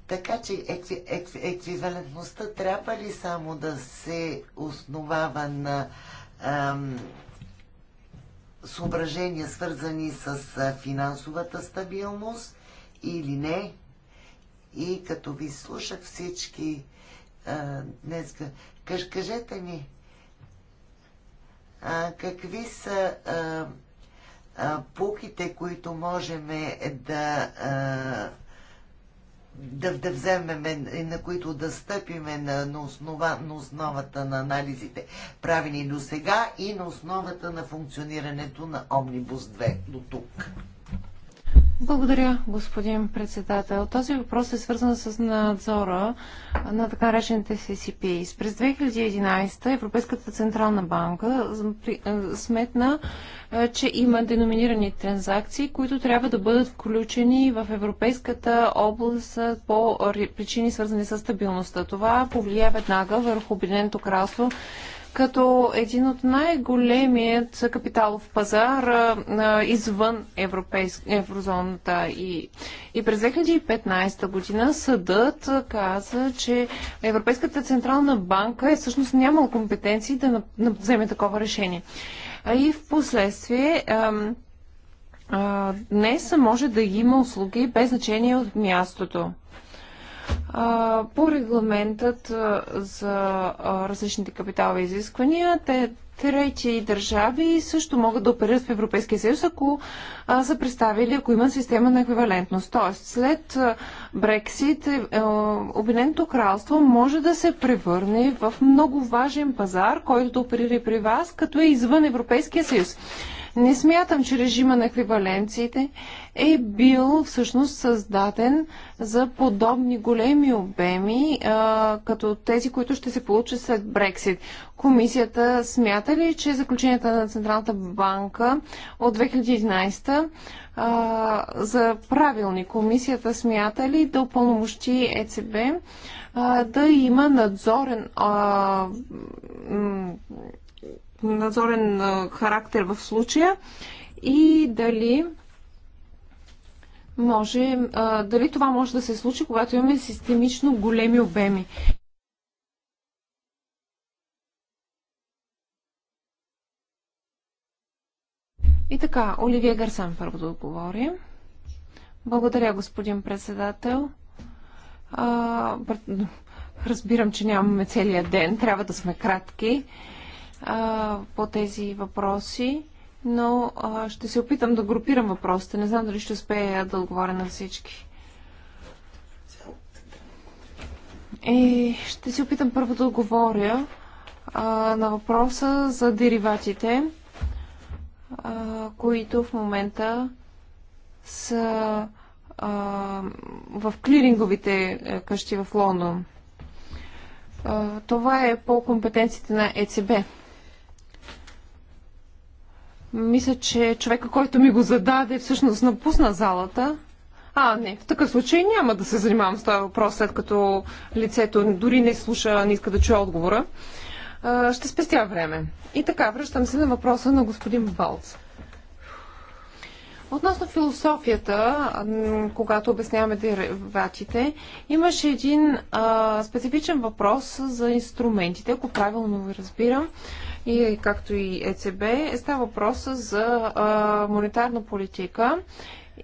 Speaker 3: Така че екви, екви, еквивалентността трябва ли само да се основава на ам, съображения, свързани с финансовата стабилност или не? И като ви слушах всички а, днес, къж, кажете ни, а, какви са а, а, пуките, които можем да а, да, да вземем и на които да стъпиме на, на, основа, на основата на анализите, правени до сега и на основата на функционирането на Омнибус 2 до тук.
Speaker 1: Благодаря, господин председател. Този въпрос е свързан с надзора на така наречените CCPs. През 2011 Европейската централна банка сметна, че има деноминирани транзакции, които трябва да бъдат включени в европейската област по причини свързани с стабилността. Това повлия веднага върху Обединеното кралство като един от най-големият капиталов пазар а, а, извън еврозоната. И, и през 2015 година съдът каза, че Европейската централна банка е всъщност нямал компетенции да вземе такова решение. А и в последствие днес може да има услуги без значение от мястото по регламентът за различните капиталови изисквания, те трети държави също могат да оперират в Европейския съюз, ако а, са представили, ако има система на еквивалентност. Тоест, след Брексит, е, Обединеното кралство може да се превърне в много важен пазар, който да оперира при вас, като е извън Европейския съюз. Не смятам, че режима на еквиваленциите е бил всъщност създаден за подобни големи обеми, а, като тези, които ще се получат след Брексит. Комисията смята ли, че заключенията на Централната банка от 2011 а, за правилни? Комисията смята ли да упълномощи ЕЦБ а, да има надзорен а, надзорен характер в случая и дали може, дали това може да се случи, когато имаме системично големи обеми. И така, Оливия Гарсан първо да отговори. Благодаря, господин председател. А, разбирам, че нямаме целият ден, трябва да сме кратки а, по тези въпроси, но а, ще се опитам да групирам въпросите. Не знам дали ще успея да отговоря на всички. И ще се опитам първо да отговоря а, на въпроса за дериватите, а, които в момента са в клиринговите е, къщи в Лондон. Това е по компетенциите на ЕЦБ. Мисля, че човека, който ми го зададе, всъщност напусна залата. А, не, в такъв случай няма да се занимавам с този въпрос, след като лицето дори не слуша, не иска да чуе отговора. А, ще спестя време. И така, връщам се на въпроса на господин Балц. Относно философията, когато обясняваме дериватите, имаше един а, специфичен въпрос за инструментите, ако правилно ви разбирам и както и ЕЦБ, става въпрос за а, монетарна политика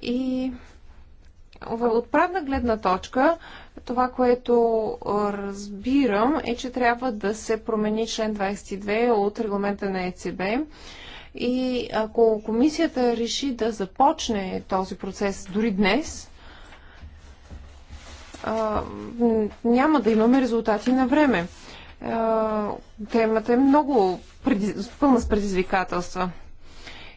Speaker 1: и от правна гледна точка, това, което разбирам е, че трябва да се промени член 22 от регламента на ЕЦБ. И ако комисията реши да започне този процес дори днес, няма да имаме резултати на време. Е, темата е много предиз... пълна с предизвикателства.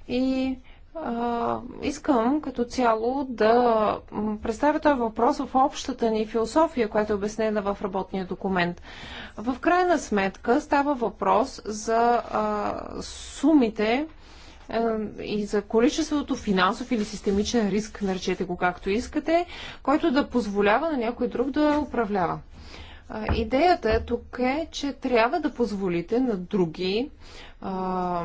Speaker 1: И а, искам като цяло да представя този въпрос в общата ни философия, която е обяснена в работния документ. В крайна сметка става въпрос за а, сумите е, и за количеството финансов или системичен риск, наречете го както искате, който да позволява на някой друг да управлява. Идеята тук е, че трябва да позволите на други а,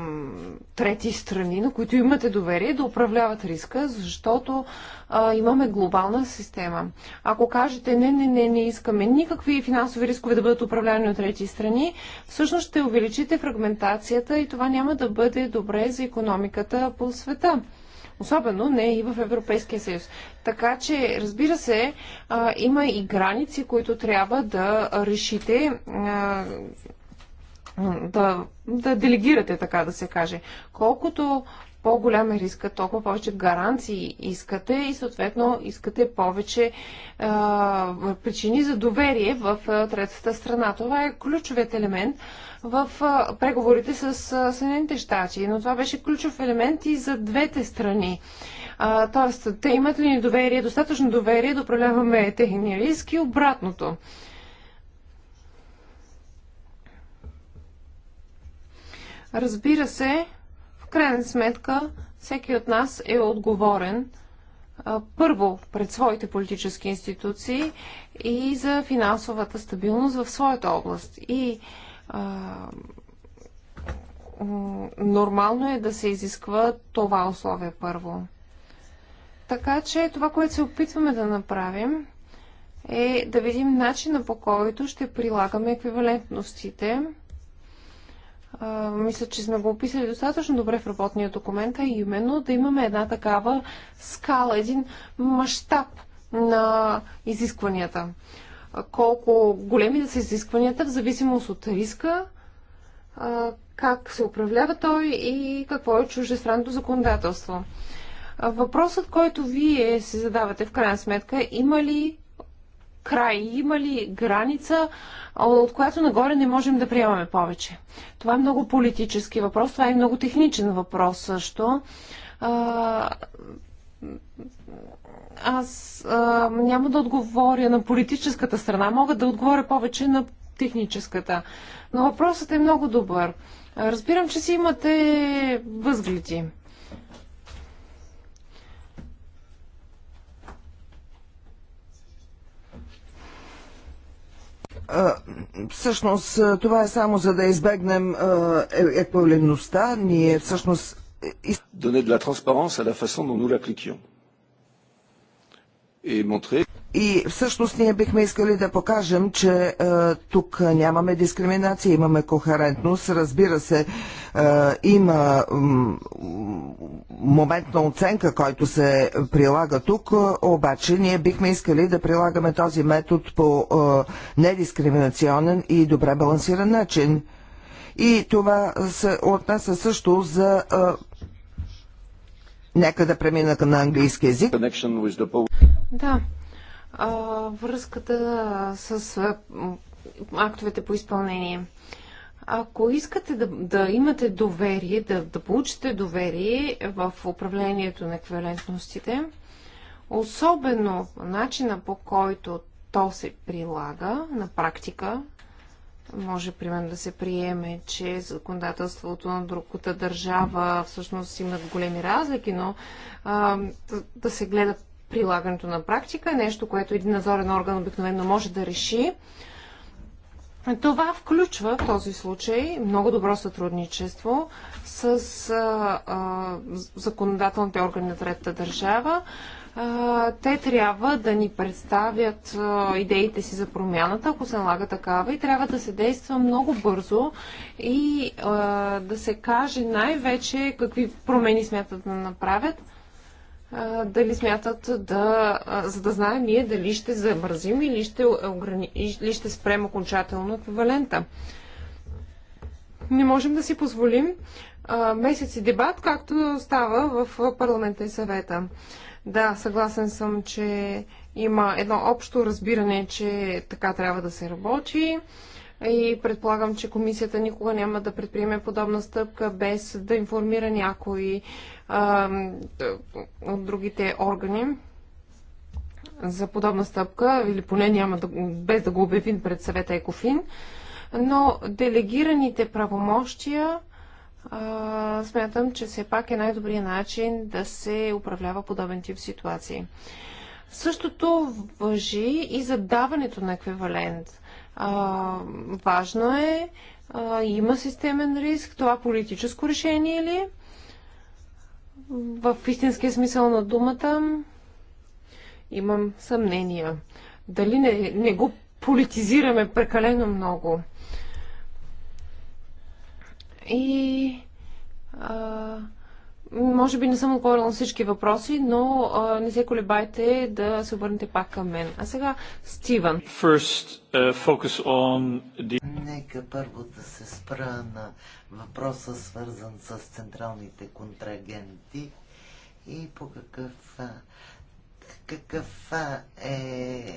Speaker 1: трети страни, на които имате доверие, да управляват риска, защото а, имаме глобална система. Ако кажете не, не, не, не искаме никакви финансови рискове да бъдат управлявани от трети страни, всъщност ще увеличите фрагментацията и това няма да бъде добре за економиката по света. Особено не и в Европейския съюз. Така че, разбира се, а, има и граници, които трябва да решите. А, да, да делегирате, така да се каже. Колкото по-голям е риска, толкова повече гаранции искате и съответно искате повече а, причини за доверие в третата страна. Това е ключовият елемент в а, преговорите с Съединените щати, но това беше ключов елемент и за двете страни. А, тоест, те имат ли ни доверие, достатъчно доверие да управляваме техния риск и обратното. Разбира се, крайна сметка всеки от нас е отговорен първо пред своите политически институции и за финансовата стабилност в своята област. И а, нормално е да се изисква това условие първо. Така че това, което се опитваме да направим, е да видим начина по който ще прилагаме еквивалентностите мисля, че сме го описали достатъчно добре в работния документ, а именно да имаме една такава скала, един мащаб на изискванията. Колко големи да са изискванията, в зависимост от риска, как се управлява той и какво е чуждестранното законодателство. Въпросът, който вие се задавате в крайна сметка, има ли край? Има ли граница, от която нагоре не можем да приемаме повече? Това е много политически въпрос, това е много техничен въпрос също. Аз а, няма да отговоря на политическата страна, мога да отговоря повече на техническата. Но въпросът е много добър. Разбирам, че си имате възгледи.
Speaker 2: Всъщност това е само за да избегнем еквивалентността. Ние всъщност...
Speaker 1: Donner de la transparence à la façon dont nous l'appliquions. Et montrer...
Speaker 2: И всъщност ние бихме искали да покажем, че е, тук нямаме дискриминация, имаме кохерентност. Разбира се, е, има е, момент на оценка, който се прилага тук, обаче ние бихме искали да прилагаме този метод по е, недискриминационен и добре балансиран начин. И това се отнася също за. Е, Нека да премина на английски язик.
Speaker 1: Да, връзката с актовете по изпълнение. Ако искате да, да имате доверие, да, да получите доверие в управлението на еквивалентностите, особено начина по който то се прилага на практика, може примерно да се приеме, че законодателството на другата държава всъщност имат големи разлики, но а, да, да се гледат прилагането на практика, е нещо, което един надзорен орган обикновено може да реши. Това включва в този случай много добро сътрудничество с а, а, законодателните органи на третата държава. А, те трябва да ни представят а, идеите си за промяната, ако се налага такава, и трябва да се действа много бързо и а, да се каже най-вече какви промени смятат да направят дали смятат да, за да знаем ние дали ще замързим или ще, ограни... или ще спрем окончателно еквивалента. Не можем да си позволим месеци дебат, както става в парламента и съвета. Да, съгласен съм, че има едно общо разбиране, че така трябва да се работи и предполагам, че комисията никога няма да предприеме подобна стъпка без да информира някои а, от другите органи за подобна стъпка, или поне няма да, без да го обявим пред съвета Екофин, но делегираните правомощия а, смятам, че все пак е най-добрият начин да се управлява подобен тип ситуации. Същото въжи и за даването на еквивалент а, важно е, а, има системен риск, това политическо решение ли? В истинския смисъл на думата имам съмнения. Дали не, не го политизираме прекалено много? И а, може би не съм отговорила на всички въпроси, но а, не се колебайте да се обърнете пак към мен. А сега Стивън.
Speaker 2: First, uh, focus
Speaker 3: on the... Нека първо да се спра на въпроса, свързан с централните контрагенти и по какъв, какъв е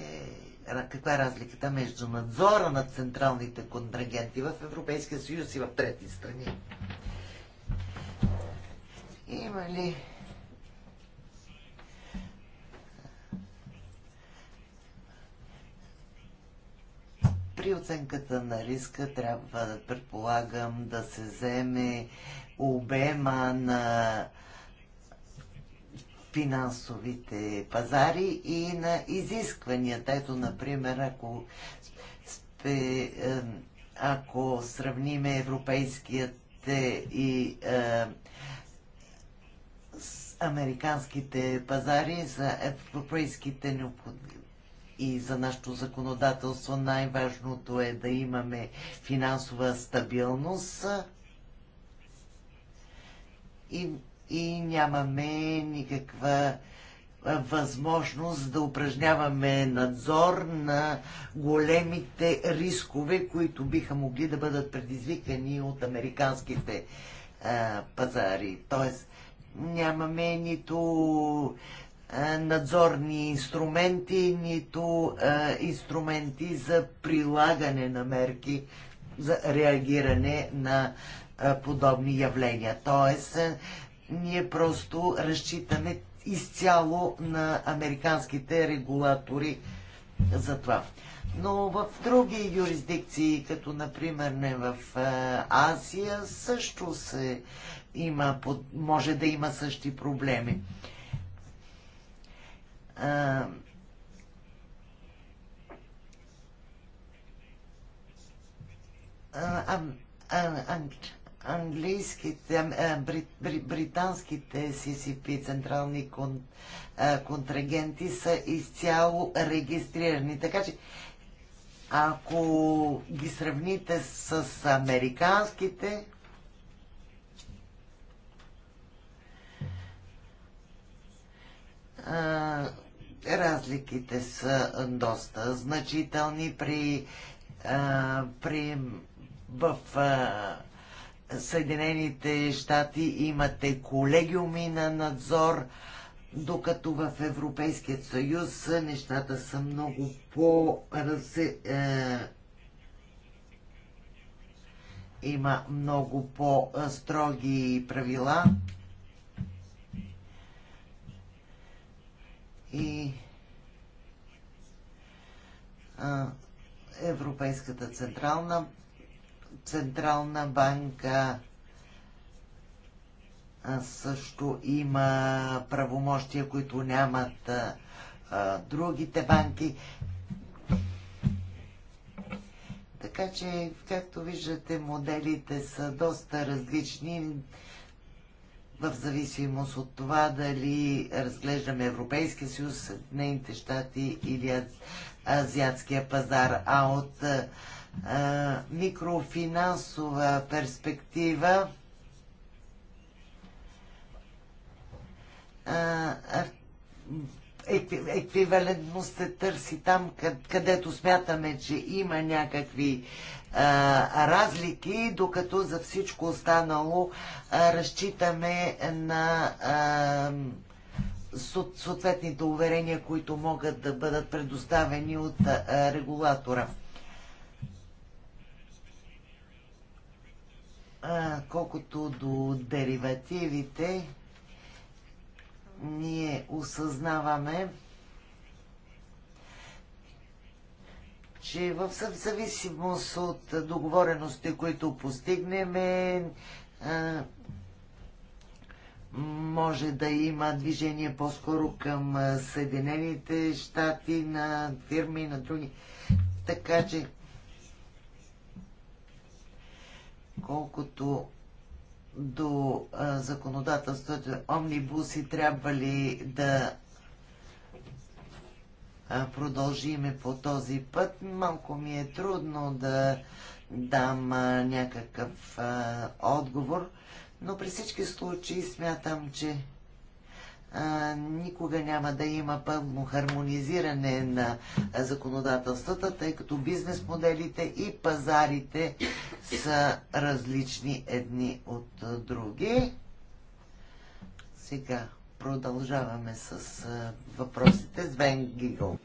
Speaker 3: каква е разликата между надзора на централните контрагенти в Европейския съюз и в трети страни. Има ли при оценката на риска трябва, предполагам, да се вземе обема на финансовите пазари и на изискванията. Ето, например, ако, спе, е, ако сравниме европейските и е, американските пазари, за европейските необходими и за нашето законодателство най-важното е да имаме финансова стабилност и, и нямаме никаква възможност да упражняваме надзор на големите рискове, които биха могли да бъдат предизвикани от американските а, пазари. Тоест, нямаме нито е, надзорни инструменти, нито е, инструменти за прилагане на мерки за реагиране на е, подобни явления. Тоест, ние просто разчитаме изцяло на американските регулатори за това. Но в други юрисдикции, като например не в Азия, също се има, може да има същи проблеми. А, а, английските, а, бри, бри, британските CCP, централни кон, контрагенти, са изцяло регистрирани. Така че ако ги сравните с американските, разликите са доста значителни при, при в Съединените щати имате колегиуми на надзор, докато в Европейският съюз нещата са много по разли е, има много по-строги правила. И Европейската централна, централна банка също има правомощия, които нямат а, другите банки. Така че, както виждате, моделите са доста различни в зависимост от това дали разглеждаме Европейския съюз, Съединените щати или азиатския пазар. А от а, микрофинансова перспектива еквивалентност се търси там, където смятаме, че има някакви а, разлики, докато за всичко останало а, разчитаме на а, съответните уверения, които могат да бъдат предоставени от а, регулатора. А, колкото до деривативите, ние осъзнаваме, че в зависимост от договорености, които постигнем, може да има движение по-скоро към Съединените щати, на фирми и на други. Така че, колкото до а, законодателството омнибуси трябва ли да а, продължиме по този път. Малко ми е трудно да дам а, някакъв а, отговор, но при всички случаи смятам, че никога няма да има пълно хармонизиране на законодателствата, тъй като бизнес моделите и пазарите са различни едни от други. Сега продължаваме с въпросите с Вен Гигъл.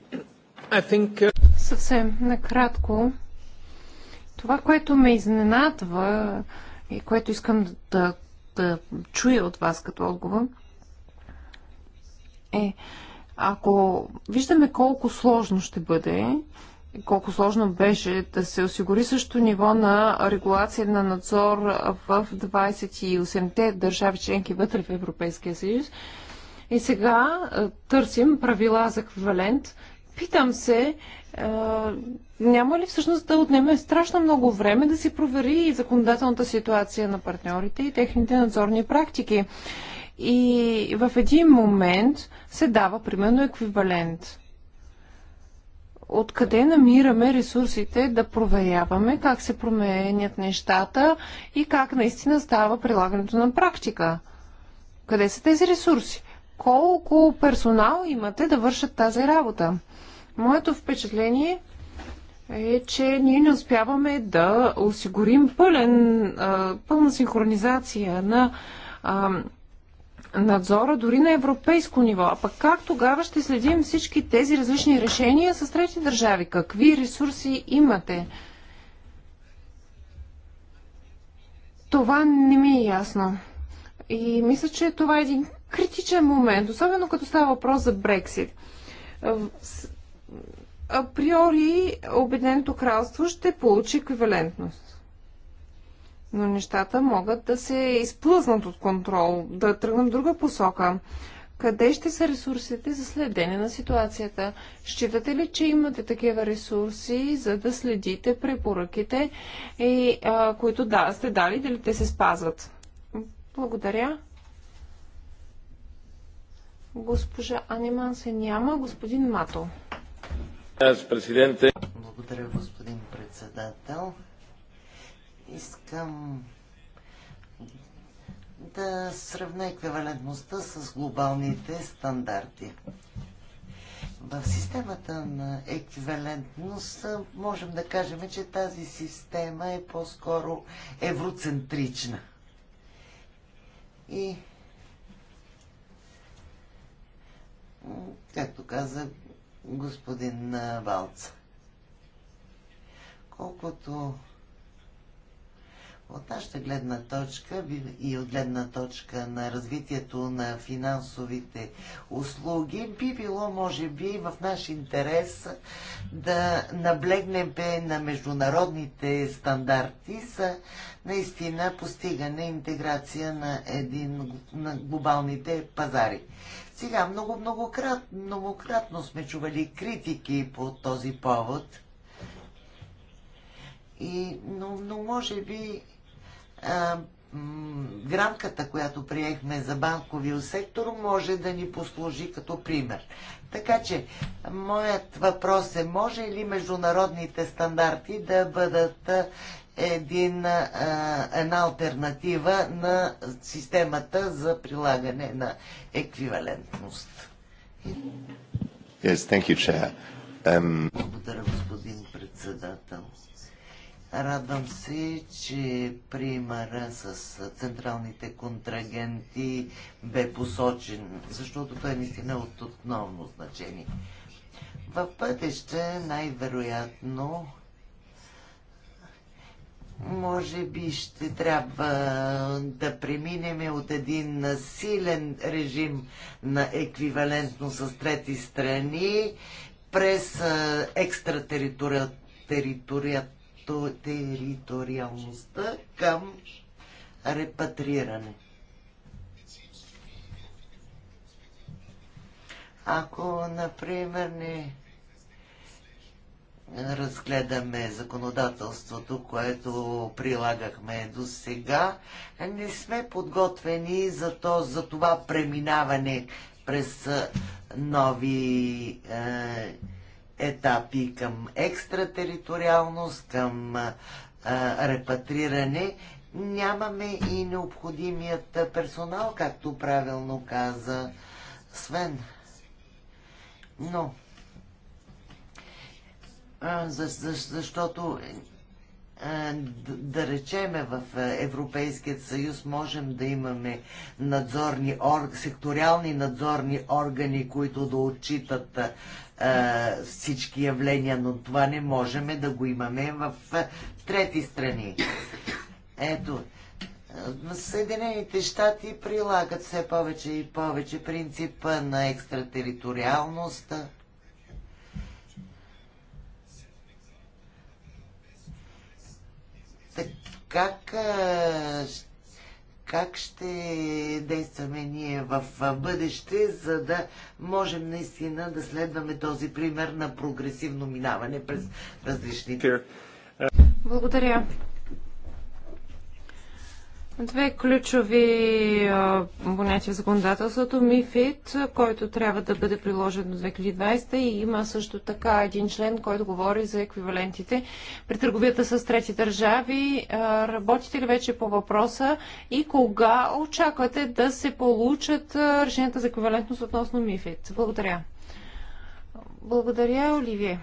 Speaker 1: Think... Uh, Съвсем накратко. Това, което ме изненадва и което искам да, да чуя от вас като отговор, е, ако виждаме колко сложно ще бъде, колко сложно беше да се осигури също ниво на регулация на надзор в 28-те държави членки вътре в Европейския съюз. И сега е, търсим правила за еквивалент. Питам се, е, няма ли всъщност да отнеме страшно много време да се провери и законодателната ситуация на партньорите и техните надзорни практики? И в един момент се дава примерно еквивалент. Откъде намираме ресурсите да проверяваме как се променят нещата и как наистина става прилагането на практика? Къде са тези ресурси? Колко персонал имате да вършат тази работа? Моето впечатление е, че ние не успяваме да осигурим пълен, пълна синхронизация на надзора дори на европейско ниво. А пък как тогава ще следим всички тези различни решения с трети държави? Какви ресурси имате? Това не ми е ясно. И мисля, че това е един критичен момент, особено като става въпрос за Брексит. Априори Обединеното кралство ще получи еквивалентност но нещата могат да се изплъзнат от контрол, да тръгнат в друга посока. Къде ще са ресурсите за следене на ситуацията? Считате ли, че имате такива ресурси, за да следите препоръките, и, а, които да, сте дали, дали те се спазват? Благодаря. Госпожа Аниман се няма. Господин Мато.
Speaker 3: Аз, президенте. Благодаря, господин председател
Speaker 1: искам
Speaker 3: да сравня еквивалентността с глобалните стандарти. В системата на еквивалентност можем да кажем, че тази система е по-скоро евроцентрична. И както каза господин Валца, колкото от нашата гледна точка и от гледна точка на развитието на финансовите услуги би било, може би, в наш интерес да наблегнем на международните стандарти за наистина постигане интеграция на, един, на глобалните пазари. Сега много, многократно, многократно сме чували критики по този повод – и, но, но може би грамката, която приехме за банковия сектор, може да ни послужи като пример. Така че, моят въпрос е, може ли международните стандарти да бъдат един, една альтернатива на системата за прилагане на еквивалентност?
Speaker 2: Yes, thank you, Chair. Um...
Speaker 3: Благодаря, господин председател. Радвам се, че примера с централните контрагенти бе посочен, защото той наистина е от основно значение. В бъдеще най-вероятно може би ще трябва да преминем от един силен режим на еквивалентно с трети страни през екстратериториалната територията териториалността към репатриране. Ако, например, не разгледаме законодателството, което прилагахме до сега, не сме подготвени за, то, за това преминаване през нови е, етапи към екстратериториалност, към а, репатриране. Нямаме и необходимият персонал, както правилно каза Свен. Но, а, за, за, защото да речеме в Европейският съюз можем да имаме надзорни ор... секториални надзорни органи, които да отчитат е, всички явления, но това не можем да го имаме в трети страни. Ето, Съединените щати прилагат все повече и повече принципа на екстратериториалността как, как ще действаме ние в бъдеще, за да можем наистина да следваме този пример на прогресивно минаване през различните.
Speaker 1: Благодаря. Две ключови понятия в законодателството. МИФИТ, който трябва да бъде приложен до 2020 и има също така един член, който говори за еквивалентите при търговията с трети държави. Работите ли вече по въпроса и кога очаквате да се получат решенията за еквивалентност относно МИФИТ? Благодаря. Благодаря, Оливие.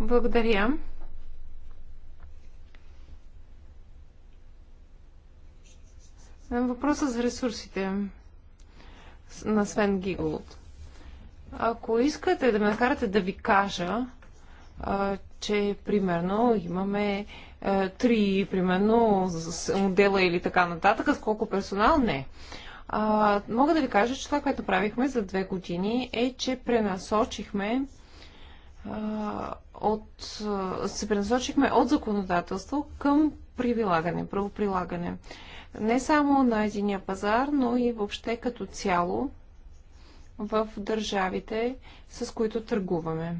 Speaker 1: Благодаря. Въпросът за ресурсите на Свен Гиголд. Ако искате да ме накарате да ви кажа, че примерно имаме три, примерно, отдела или така нататък, с колко персонал, не. мога да ви кажа, че това, което правихме за две години е, че пренасочихме от, се пренасочихме от законодателство към прилагане, правоприлагане. Не само на единия пазар, но и въобще като цяло в държавите, с които търгуваме.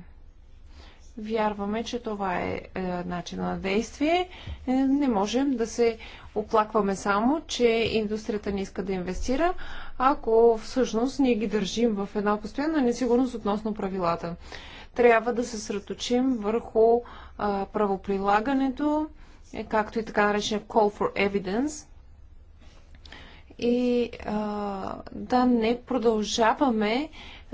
Speaker 1: Вярваме, че това е, е начин на действие. Е, не можем да се оплакваме само, че индустрията не иска да инвестира, ако всъщност ние ги държим в една постоянна несигурност относно правилата трябва да се сръточим върху а, правоприлагането, е, както и така наречения call for evidence. И а, да не продължаваме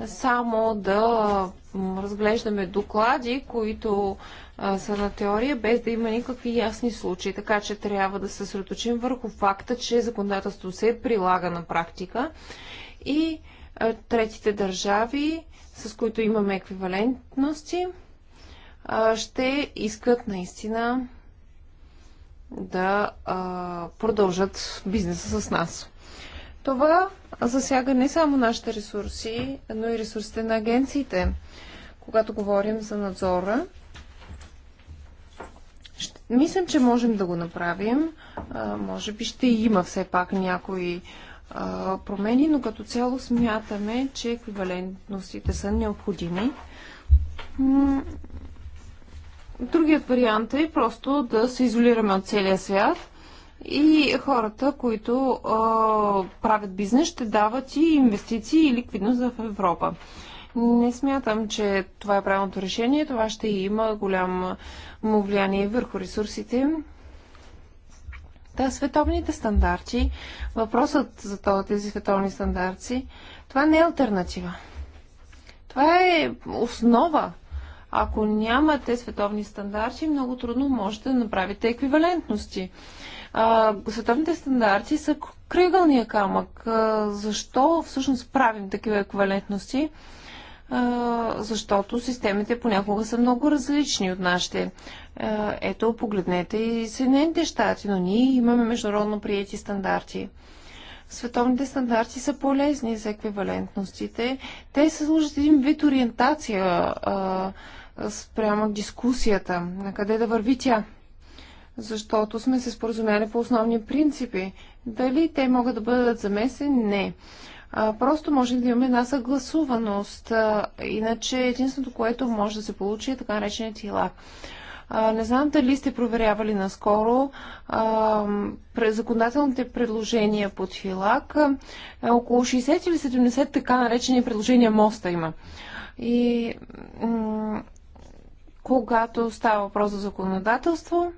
Speaker 1: само да разглеждаме доклади, които а, са на теория, без да има никакви ясни случаи. Така че трябва да се съсредоточим върху факта, че законодателството се прилага на практика и е, третите държави, с които имаме еквивалентности, ще искат наистина да продължат бизнеса с нас. Това засяга не само нашите ресурси, но и ресурсите на агенциите. Когато говорим за надзора, мисля, мислям, че можем да го направим. може би ще има все пак някои промени, но като цяло смятаме, че еквивалентностите са необходими. Другият вариант е просто да се изолираме от целия свят и хората, които а, правят бизнес, ще дават и инвестиции и ликвидност в Европа. Не смятам, че това е правилното решение. Това ще има голямо влияние върху ресурсите да, световните стандарти, въпросът за тези световни стандарти, това не е альтернатива. Това е основа. Ако нямате световни стандарти, много трудно можете да направите еквивалентности. А, световните стандарти са кръгълния камък. А, защо всъщност правим такива еквивалентности? А, защото системите понякога са много различни от нашите. Е, ето, погледнете и Съединените щати, но ние имаме международно приети стандарти. Световните стандарти са полезни за еквивалентностите. Те се служат един вид ориентация а, спрямо дискусията, на къде да върви тя. Защото сме се споразумели по основни принципи. Дали те могат да бъдат замесени? Не. А, просто може да имаме една съгласуваност. А, иначе единственото, което може да се получи е така наречения тила. А, не знам дали сте проверявали наскоро а, законодателните предложения под ФИЛАК. Е, около 60 или 70 така наречени предложения моста има. И когато става въпрос за законодателство,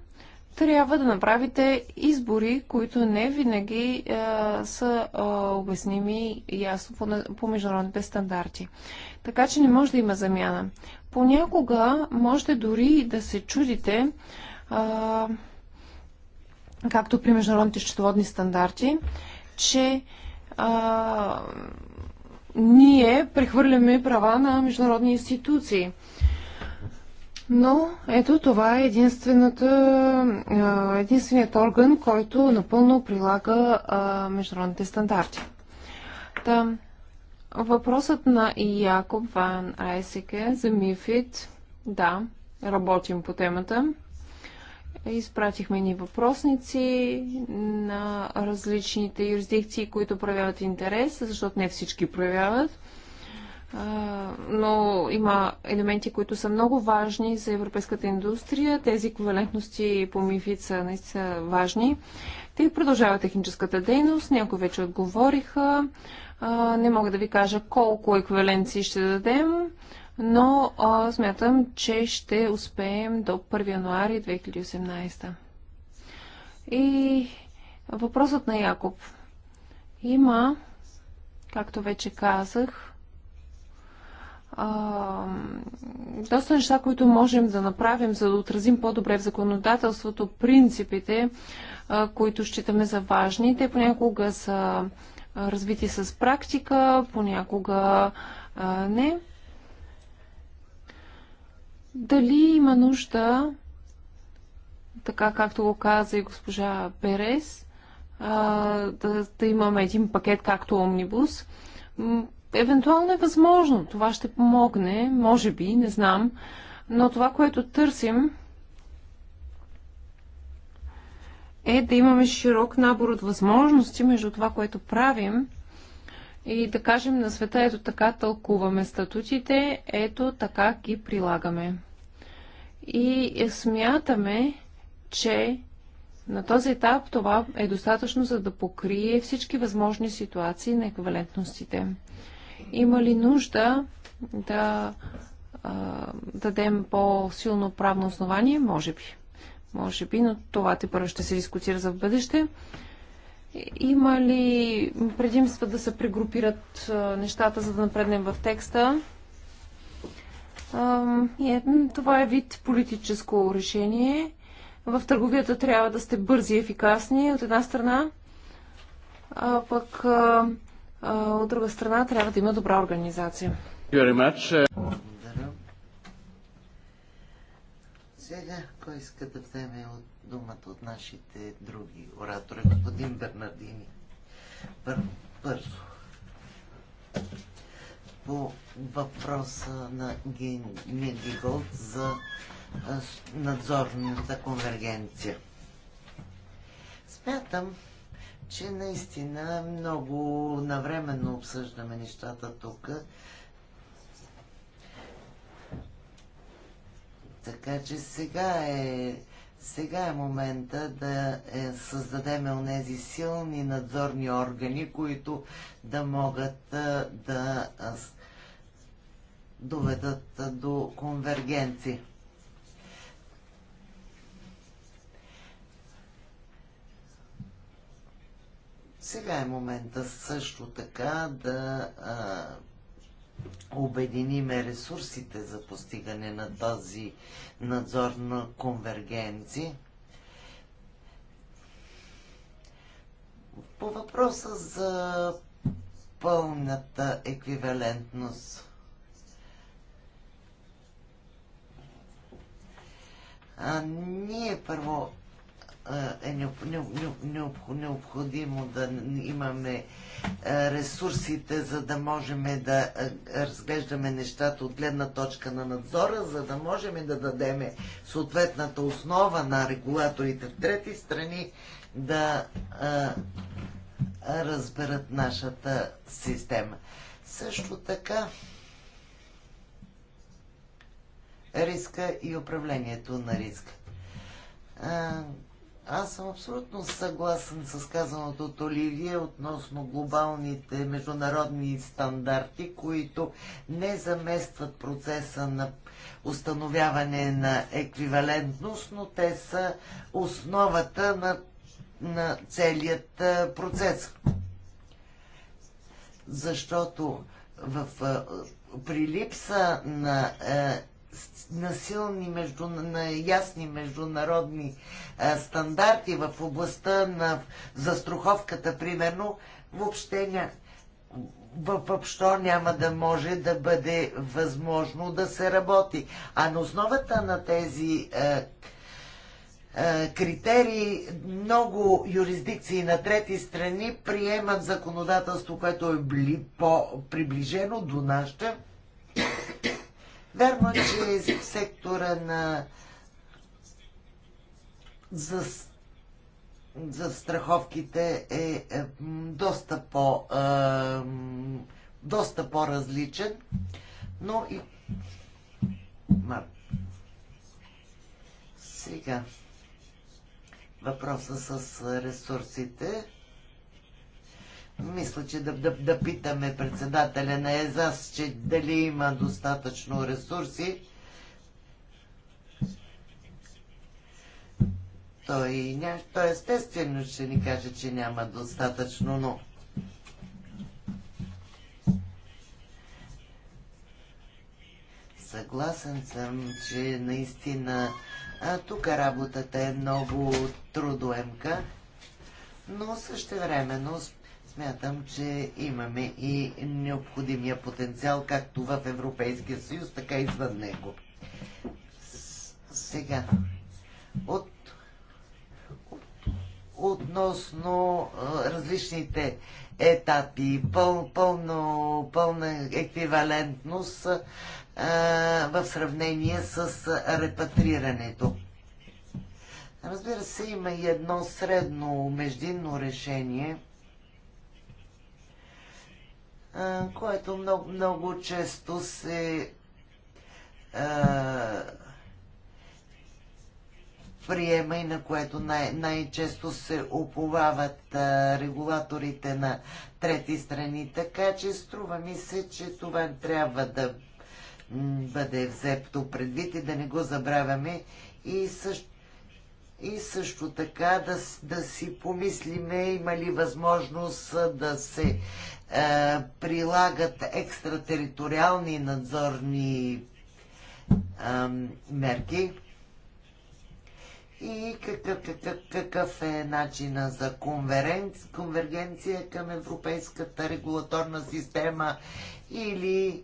Speaker 1: трябва да направите избори, които не винаги а, е, са а, е, обясними ясно по, по международните стандарти. Така че не може да има замяна. Понякога можете дори да се чудите, а, е, както при международните счетоводни стандарти, че а, ние прехвърляме права на международни институции. Но ето това е единствената, единственият орган, който напълно прилага международните стандарти. Та, въпросът на Якоб Ван Айсеке за Мифид. Да, работим по темата. Изпратихме ни въпросници на различните юрисдикции, които проявяват интерес, защото не всички проявяват но има елементи, които са много важни за европейската индустрия. Тези еквивалентности по МИФИД са наистина важни. Те продължават техническата дейност, някои вече отговориха. Не мога да ви кажа колко еквиваленции ще дадем, но смятам, че ще успеем до 1 януари 2018. И въпросът на Якоб. Има, както вече казах, а, доста неща, които можем да направим, за да отразим по-добре в законодателството принципите, а, които считаме за важни. Те понякога са развити с практика, понякога а, не. Дали има нужда, така както го каза и госпожа Перес, а, да, да имаме един пакет както омнибус? евентуално е възможно. Това ще помогне, може би, не знам. Но това, което търсим, е да имаме широк набор от възможности между това, което правим и да кажем на света, ето така тълкуваме статутите, ето така ги прилагаме. И смятаме, че на този етап това е достатъчно, за да покрие всички възможни ситуации на еквивалентностите има ли нужда да а, дадем по-силно правно основание? Може би. Може би, но това те първо ще се дискутира за в бъдеще. Има ли предимства да се прегрупират нещата, за да напреднем в текста? Е, това е вид политическо решение. В търговията трябва да сте бързи и ефикасни от една страна, а пък от друга страна, трябва да има добра организация.
Speaker 3: Сега, кой иска да вземе от думата от нашите други оратори? Господин Бернардини. Първо, първо. По въпроса на Ген за надзорната конвергенция. Смятам, че наистина много навременно обсъждаме нещата тук. Така че сега е, сега е момента да е, създадем онези силни надзорни органи, които да могат да доведат до конвергенция. Сега е момента също така да а, обединиме ресурсите за постигане на този надзор на конвергенция. По въпроса за пълната еквивалентност. А, ние първо е необходимо да имаме ресурсите, за да можем да разглеждаме нещата от гледна точка на надзора, за да можем да дадем съответната основа на регулаторите в трети страни да разберат нашата система. Също така риска и управлението на риска аз съм абсолютно съгласен с казаното от Оливия относно глобалните международни стандарти, които не заместват процеса на установяване на еквивалентност, но те са основата на, на целият процес. Защото в, при липса на е, на силни, между, на ясни международни а, стандарти в областта на застраховката, примерно, въобще ня, въобще няма да може да бъде възможно да се работи. А на основата на тези а, критерии. Много юрисдикции на трети страни приемат законодателство, което е по-приближено до нашата Вярно, е, че в сектора на за, за страховките е, е доста по е, доста по-различен, но и сега въпроса с ресурсите мисля, че да, да, да питаме председателя на ЕЗАС, че дали има достатъчно ресурси. Той, ня... той естествено ще ни каже, че няма достатъчно, но... Съгласен съм, че наистина а, тук работата е много трудоемка, но същевременно Смятам, че имаме и необходимия потенциал, както в Европейския съюз, така и извън него. Сега, от, от, относно а, различните етапи, пъл, пълно, пълна еквивалентност а, в сравнение с репатрирането. Разбира се, има и едно средно междинно решение, което много, много често се а, приема и на което най- най-често се оповават а, регулаторите на трети страни. Така че струва ми се, че това трябва да бъде взето предвид и да не го забравяме и също и също така да, да си помислиме има ли възможност да се е, прилагат екстратериториални надзорни е, мерки и какъв, какъв, какъв е начина за конвергенция към европейската регулаторна система или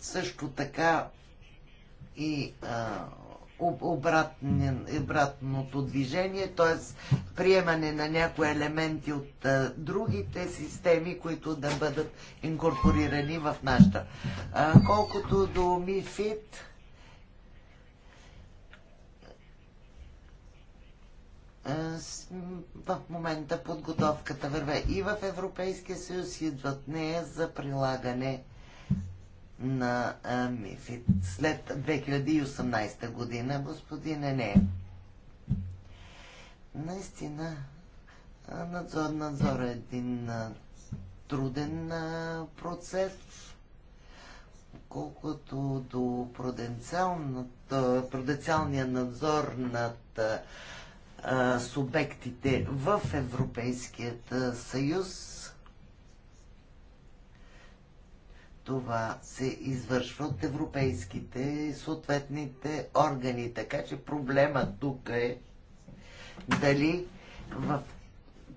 Speaker 3: също така и а, обратното движение, т.е. приемане на някои елементи от а, другите системи, които да бъдат инкорпорирани в нашата. А, колкото до МИФИТ, в момента подготовката върве и в Европейския съюз, идват нея за прилагане на МИФИД след 2018 година, господин Ене. Наистина, надзор, надзор е един труден процес, колкото до пруденциалния надзор над субектите в Европейският съюз това се извършва от европейските съответните органи. Така че проблема тук е дали в,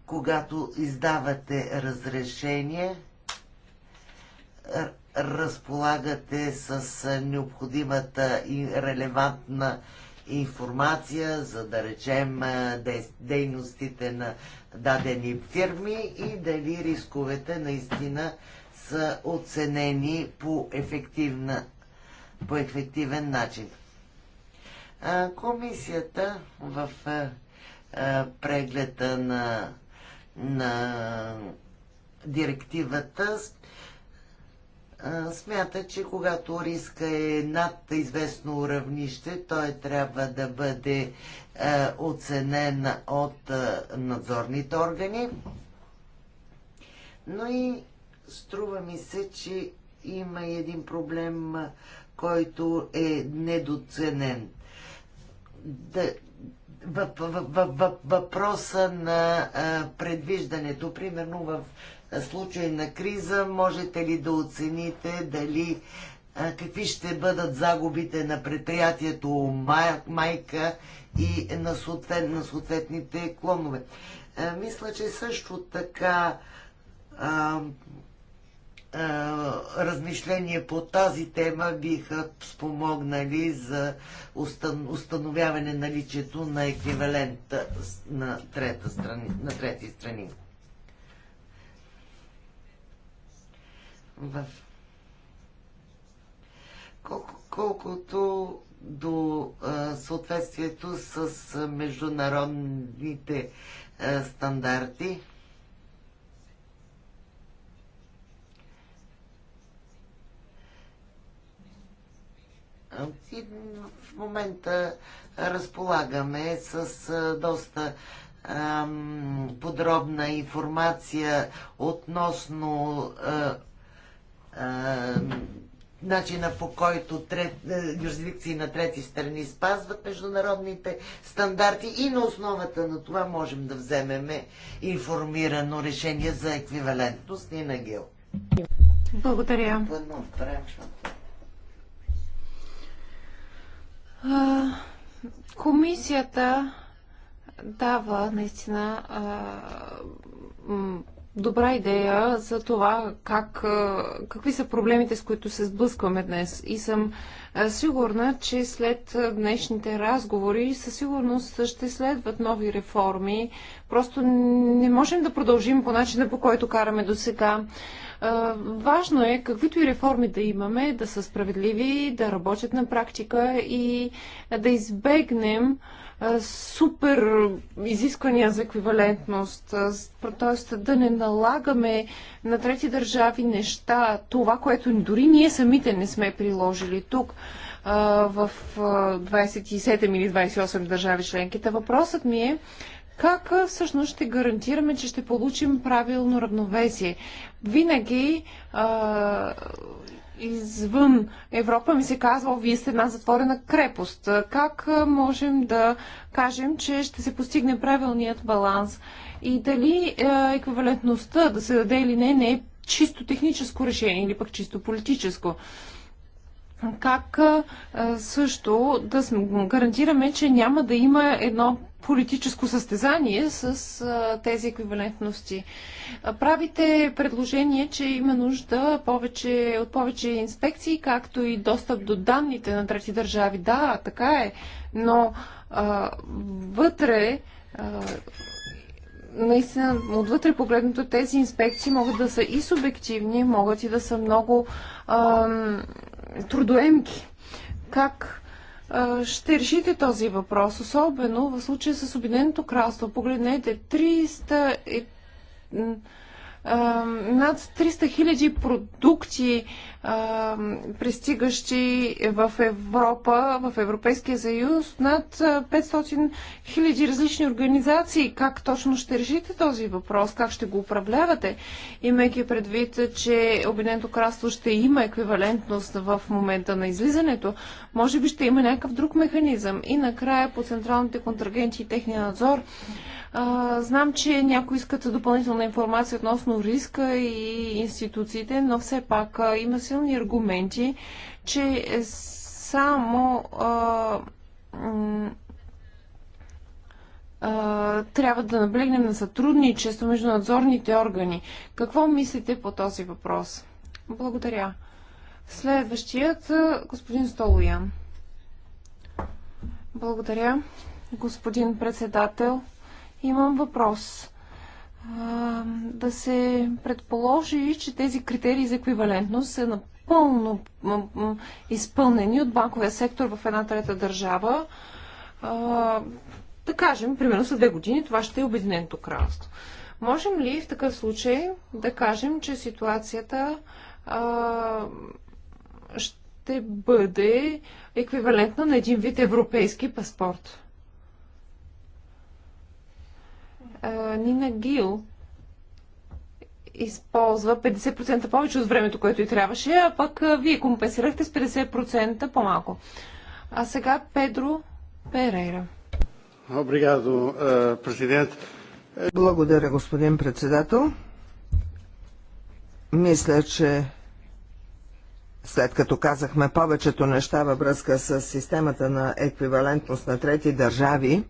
Speaker 3: когато издавате разрешение, разполагате с необходимата и релевантна информация за, да речем, дейностите на дадени фирми и дали рисковете наистина са оценени по, ефективна, по ефективен начин. Комисията в прегледа на, на директивата смята, че когато риска е над известно равнище, той трябва да бъде оценен от надзорните органи, но и Струва ми се, че има един проблем, който е недоценен. Да, въпроса на предвиждането. Примерно в случай на криза, можете ли да оцените дали какви ще бъдат загубите на предприятието май, майка и на, съответ, на съответните клонове. Мисля, че също така е, размишления по тази тема биха спомогнали за установяване наличието на еквивалента на, трета страни, на трети страни. В... Колко, колкото до а, е, съответствието с е, международните а, стандарти, И В момента разполагаме с доста подробна информация относно начина по който трет, юрисдикции на трети страни спазват международните стандарти и на основата на това можем да вземем информирано решение за еквивалентност и на ГИЛ.
Speaker 1: Благодаря. Комисията дава наистина добра идея за това как, какви са проблемите, с които се сблъскваме днес. И съм сигурна, че след днешните разговори със сигурност ще следват нови реформи. Просто не можем да продължим по начина, по който караме до сега. Важно е, каквито и реформи да имаме, да са справедливи, да работят на практика и да избегнем супер изисквания за еквивалентност, т.е. да не налагаме на трети държави неща, това, което дори ние самите не сме приложили тук в 27 или 28 държави членките. Въпросът ми е как всъщност ще гарантираме, че ще получим правилно равновесие? Винаги а, извън Европа ми се казва, вие сте една затворена крепост. Как можем да кажем, че ще се постигне правилният баланс? И дали еквивалентността да се даде или не, не е чисто техническо решение или пък чисто политическо? Как също да гарантираме, че няма да има едно политическо състезание с а, тези еквивалентности. А, правите предложение, че има нужда повече, от повече инспекции, както и достъп до данните на трети държави. Да, така е, но а, вътре. А, наистина, отвътре погледнато, тези инспекции могат да са и субективни, могат и да са много ам, трудоемки. Как ще решите този въпрос, особено в случая с Обединеното кралство. Погледнете, 300 над 300 хиляди продукти, пристигащи в Европа, в Европейския съюз, над 500 хиляди различни организации. Как точно ще решите този въпрос? Как ще го управлявате? Имайки предвид, че Обединеното кралство ще има еквивалентност в момента на излизането, може би ще има някакъв друг механизъм. И накрая по централните контрагенти и техния надзор. А, знам, че някои искат допълнителна информация относно риска и институциите, но все пак а, има силни аргументи, че само а, трябва да наблегнем на сътрудничество между надзорните органи. Какво мислите по този въпрос? Благодаря. Следващият господин Столоян. Благодаря, господин председател. Имам въпрос. да се предположи, че тези критерии за еквивалентност са напълно изпълнени от банковия сектор в една трета държава. да кажем, примерно след две години това ще е Обединеното кралство. Можем ли в такъв случай да кажем, че ситуацията ще бъде еквивалентна на един вид европейски паспорт? Нина Гил използва 50% повече от времето, което и трябваше, а пък вие компенсирахте с 50% по-малко. А сега Педро Перейра. Обригадо, президент.
Speaker 2: Благодаря, господин председател. Мисля, че след като казахме повечето неща във връзка с системата на еквивалентност на трети държави,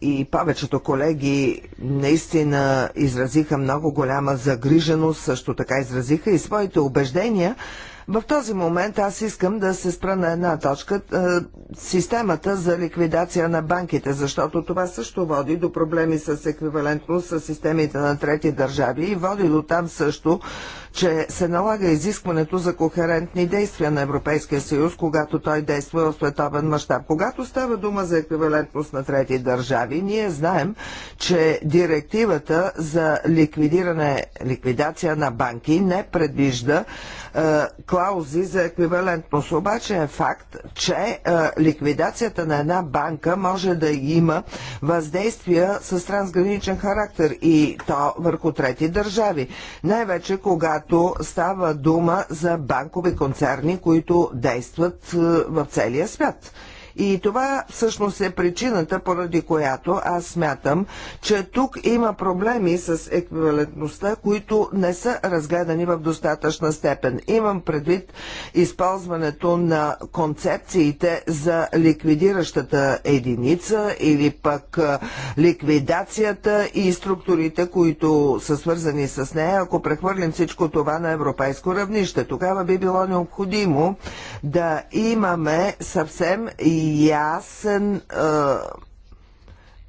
Speaker 2: и повечето колеги наистина изразиха много голяма загриженост, също така изразиха и своите убеждения – в този момент аз искам да се спра на една точка е, системата за ликвидация на банките, защото това също води до проблеми с еквивалентност с системите на трети държави и води до там също, че се налага изискването за кохерентни действия на Европейския съюз, когато той действа в световен мащаб. Когато става дума за еквивалентност на трети държави, ние знаем, че директивата за ликвидиране, ликвидация на банки не предвижда е, клаузи за еквивалентност. Обаче е факт, че е, ликвидацията на една банка може да има въздействия с трансграничен характер и то върху трети държави. Най-вече когато става дума за банкови концерни, които действат е, в целия свят. И това всъщност е причината, поради която аз смятам, че тук има проблеми с еквивалентността, които не са разгледани в достатъчна степен. Имам предвид използването на концепциите за ликвидиращата единица или пък ликвидацията и структурите, които са свързани с нея, ако прехвърлим всичко това на европейско равнище. Тогава би било необходимо да имаме съвсем и ясен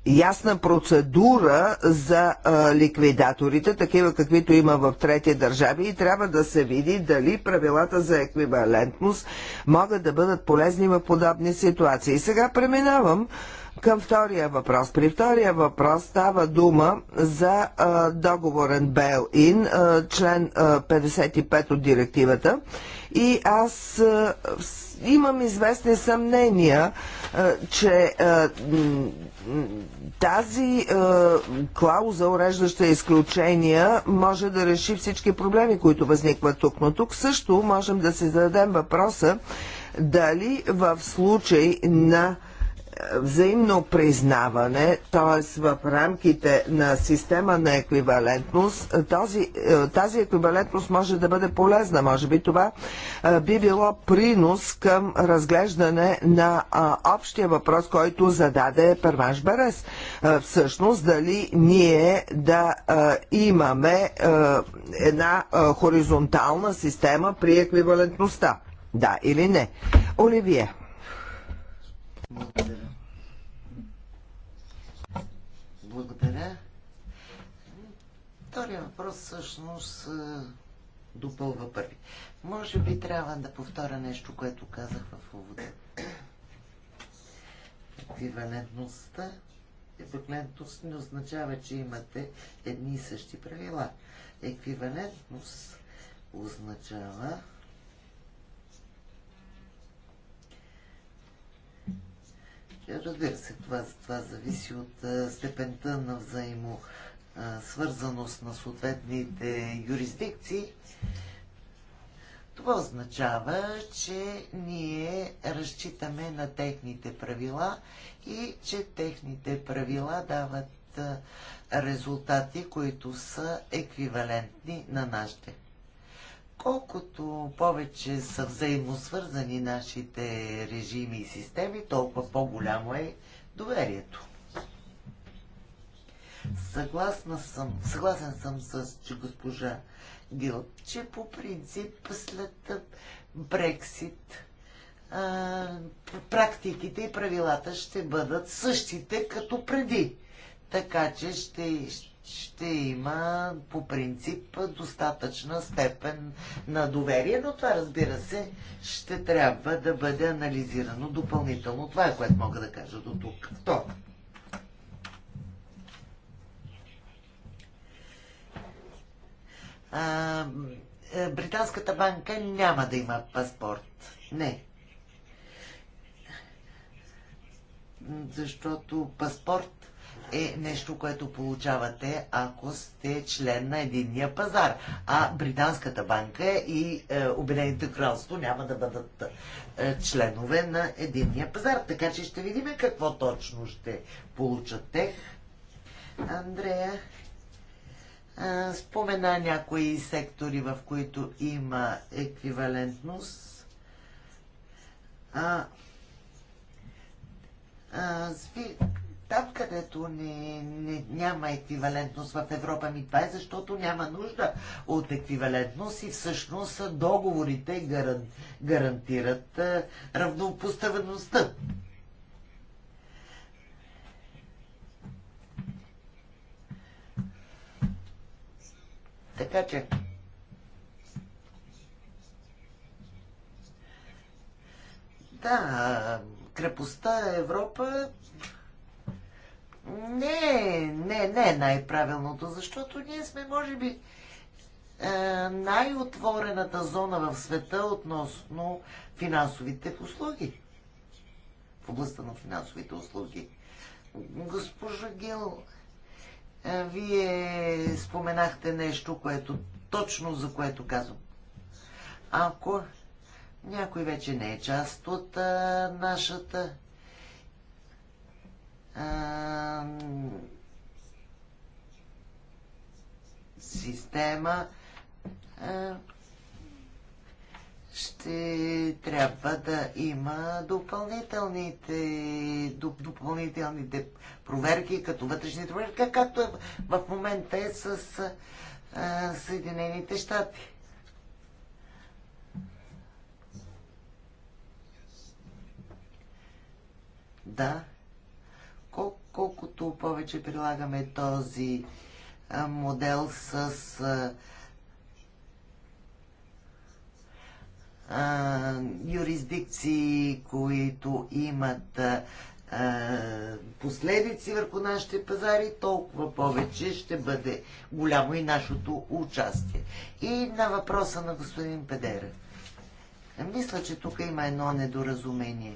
Speaker 2: ясна процедура за ликвидаторите, такива каквито има в трети държави и трябва да се види дали правилата за еквивалентност могат да бъдат полезни в подобни ситуации. И сега преминавам към втория въпрос. При втория въпрос става дума за а, договорен бейл-ин, член а, 55 от директивата и аз имам известни съмнения, че тази клауза, уреждаща изключения, може да реши всички проблеми, които възникват тук. Но тук също можем да си зададем въпроса дали в случай на взаимно признаване, т.е. в рамките на система на еквивалентност, този, е, тази еквивалентност може да бъде полезна. Може би това е, би било принос към разглеждане на общия въпрос, който зададе първаш Берес. Е, всъщност, дали ние да имаме една хоризонтална система при еквивалентността. Да или не? Оливие. Благодаря.
Speaker 3: Втория въпрос всъщност е, допълва първи. Може би трябва да повторя нещо, което казах в увода. Еквивалентността еквивалентност не означава, че имате едни и същи правила. Еквивалентност означава Разбира се, това, това зависи от е, степента на взаимо свързаност на съответните юрисдикции, това означава, че ние разчитаме на техните правила и че техните правила дават резултати, които са еквивалентни на нашите. Колкото повече са взаимосвързани нашите режими и системи, толкова по-голямо е доверието. Съгласна съм, съгласен съм с че госпожа Гил, че по принцип след Брексит практиките и правилата ще бъдат същите като преди. Така че ще, ще има по принцип достатъчна степен на доверие, но това разбира се ще трябва да бъде анализирано допълнително. Това е което мога да кажа до тук. Второ. а, е, Британската банка няма да има паспорт. Не. Защото паспорт е нещо, което получавате, ако сте член на единния пазар. А Британската банка и е, Обединените кралство няма да бъдат е, членове на единния пазар. Така че ще видим какво точно ще получат тех. Андрея спомена някои сектори, в които има еквивалентност. А, а, там, където не, не, няма еквивалентност в Европа, ми това е защото няма нужда от еквивалентност и всъщност договорите гаран, гарантират равнопоставеността. Така че Да, крепостта Европа не, е, не, не е най-правилното, защото ние сме, може би, е, най-отворената зона в света относно финансовите услуги. В областта на финансовите услуги. Госпожа Гил, вие споменахте нещо, което точно за което казвам. Ако някой вече не е част от а, нашата а, система, а, ще трябва да има допълнителните, допълнителните проверки, като вътрешни проверки, както е в момента е с а, Съединените щати. Да. Кол- колкото повече прилагаме този модел с а, юрисдикции, които имат последици върху нашите пазари, толкова повече ще бъде голямо и нашето участие. И на въпроса на господин Педера. Мисля, че тук има едно недоразумение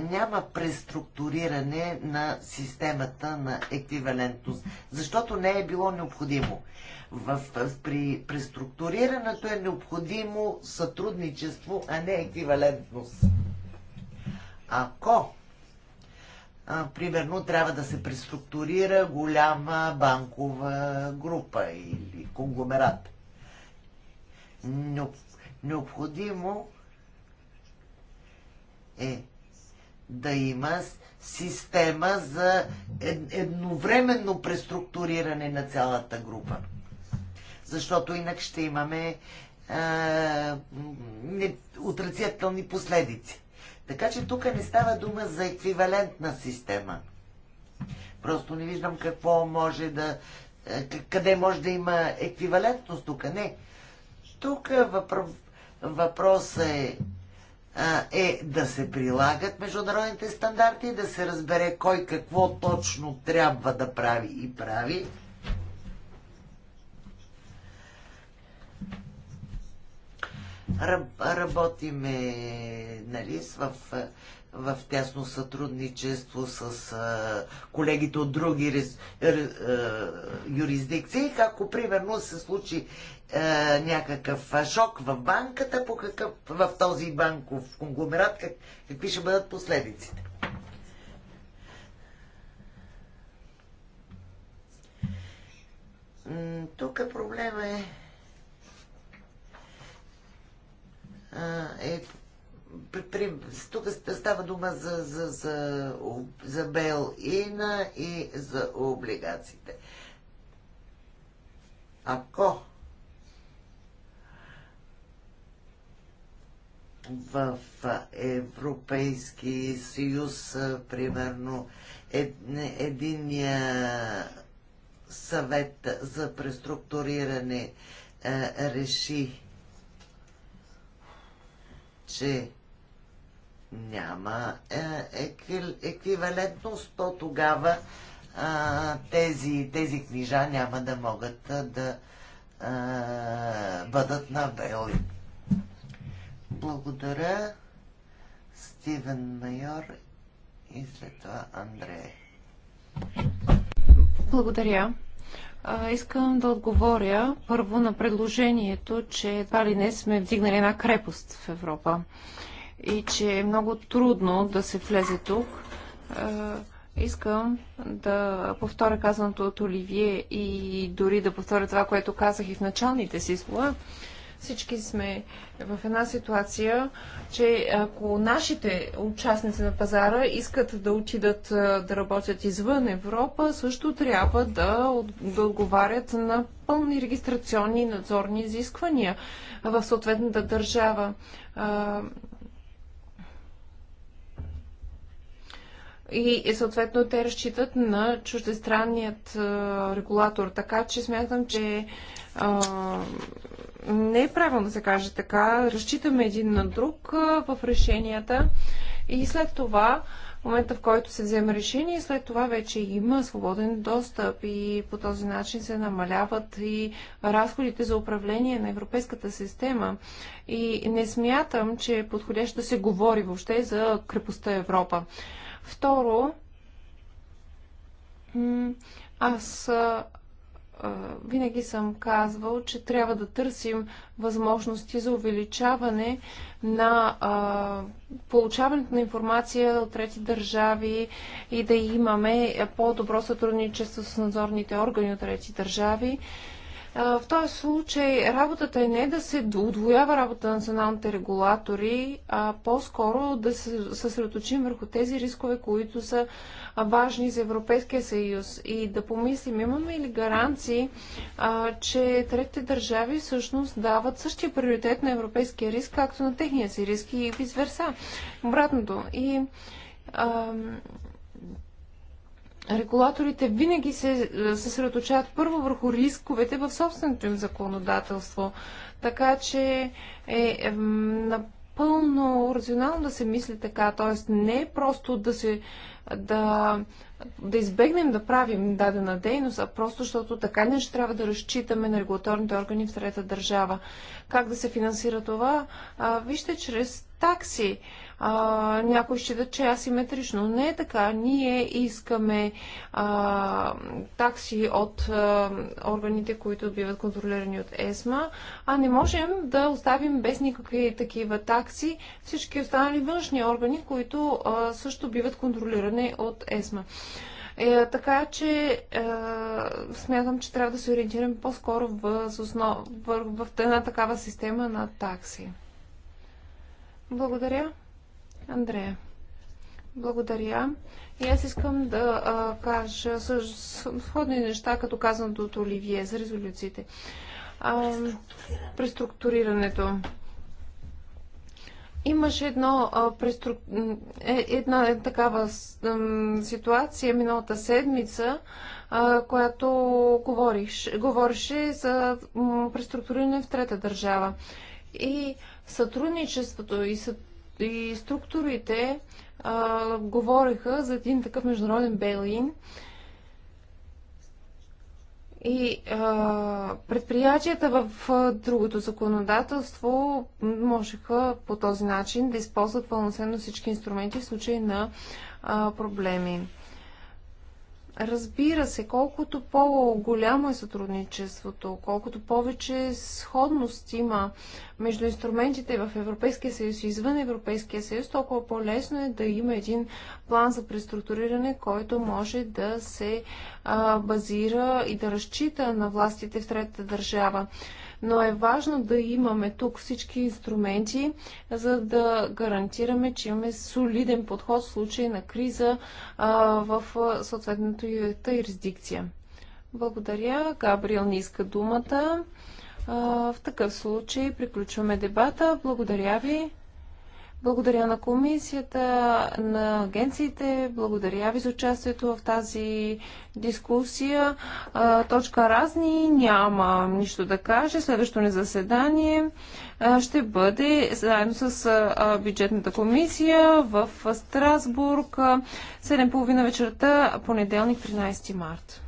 Speaker 3: няма преструктуриране на системата на еквивалентност, защото не е било необходимо. В, при преструктурирането е необходимо сътрудничество, а не еквивалентност. Ако а, примерно трябва да се преструктурира голяма банкова група или конгломерат. Необходимо е да има система за едновременно преструктуриране на цялата група. Защото инак ще имаме а, отрицателни последици. Така че тук не става дума за еквивалентна система. Просто не виждам какво може да. Е, къде може да има еквивалентност тук. Не. Тук въпро... въпросът е е да се прилагат международните стандарти, да се разбере кой какво точно трябва да прави и прави. работиме нали, в в тясно сътрудничество с а, колегите от други рез, р, а, юрисдикции. Ако примерно се случи а, някакъв шок в банката, по какъв, в този банков конгломерат, как, какви ще бъдат последиците? Тук проблема е, а, е при, тук става дума за, за, за, за бейл-ина и за облигациите. Ако в Европейски съюз, примерно, ед, единия съвет за преструктуриране е, реши, че няма е, еквивалентност, то тогава тези, тези книжа няма да могат да бъдат навели. Благодаря, Стивен Майор и след това Андрея.
Speaker 1: Благодаря. А, искам да отговоря първо на предложението, че едва ли не сме вдигнали една крепост в Европа и че е много трудно да се влезе тук. Е, искам да повторя казаното от Оливие и дори да повторя това, което казах и в началните си слова. Всички сме в една ситуация, че ако нашите участници на пазара искат да отидат е, да работят извън Европа, също трябва да, да отговарят на пълни регистрационни и надзорни изисквания в съответната държава е, и съответно те разчитат на чуждестранният регулатор. Така че смятам, че а, не е правилно да се каже така. Разчитаме един на друг в решенията и след това, в момента в който се вземе решение, след това вече има свободен достъп и по този начин се намаляват и разходите за управление на европейската система. И не смятам, че е подходящо да се говори въобще за крепостта Европа. Второ, аз а, винаги съм казвал, че трябва да търсим възможности за увеличаване на а, получаването на информация от трети държави и да имаме по-добро сътрудничество с надзорните органи от трети държави. А, в този случай работата е не да се удвоява работа на националните регулатори, а по-скоро да се съсредоточим върху тези рискове, които са важни за Европейския съюз и да помислим, имаме ли гаранции, че третите държави всъщност дават същия приоритет на европейския риск, както на техния си риск и визверса. Обратното. И а, регулаторите винаги се е, съсредоточават първо върху рисковете в собственото им законодателство. Така че е, е напълно рационално да се мисли така, т.е. не е просто да се да, да избегнем да правим дадена дейност, а просто защото така не ще трябва да разчитаме на регулаторните органи в трета държава. Как да се финансира това? А, вижте, чрез такси а, някои считат, че е асиметрично. Не е така. Ние искаме а, такси от а, органите, които биват контролирани от ЕСМА, а не можем да оставим без никакви такива такси всички останали външни органи, които а, също биват контролирани от ЕСМА. Е, така че е, смятам, че трябва да се ориентираме по-скоро в, основ... в, в една такава система на такси. Благодаря. Андрея. Благодаря. И аз искам да а, кажа сходни неща, като казаното от Оливие за резолюциите. А, преструктурирането. Имаше едно, а, преструк... Е, една е, такава ситуация миналата седмица, а, която говориш, говореше за преструктуриране в трета държава. И сътрудничеството и сътрудничеството и структурите а, говореха за един такъв международен бейлин. И а, предприятията в а, другото законодателство можеха по този начин да използват пълноценно всички инструменти в случай на а, проблеми. Разбира се, колкото по-голямо е сътрудничеството, колкото повече сходност има между инструментите в Европейския съюз и извън Европейския съюз, толкова по-лесно е да има един план за преструктуриране, който може да се а, базира и да разчита на властите в третата държава но е важно да имаме тук всички инструменти, за да гарантираме, че имаме солиден подход в случай на криза в съответната юрисдикция. Благодаря. Габриел не иска думата. В такъв случай приключваме дебата. Благодаря ви. Благодаря на комисията, на агенциите, благодаря ви за участието в тази дискусия. Точка разни няма нищо да каже. Следващото ни заседание ще бъде заедно с бюджетната комисия в Страсбург 7.30 вечерта, понеделник 13 март.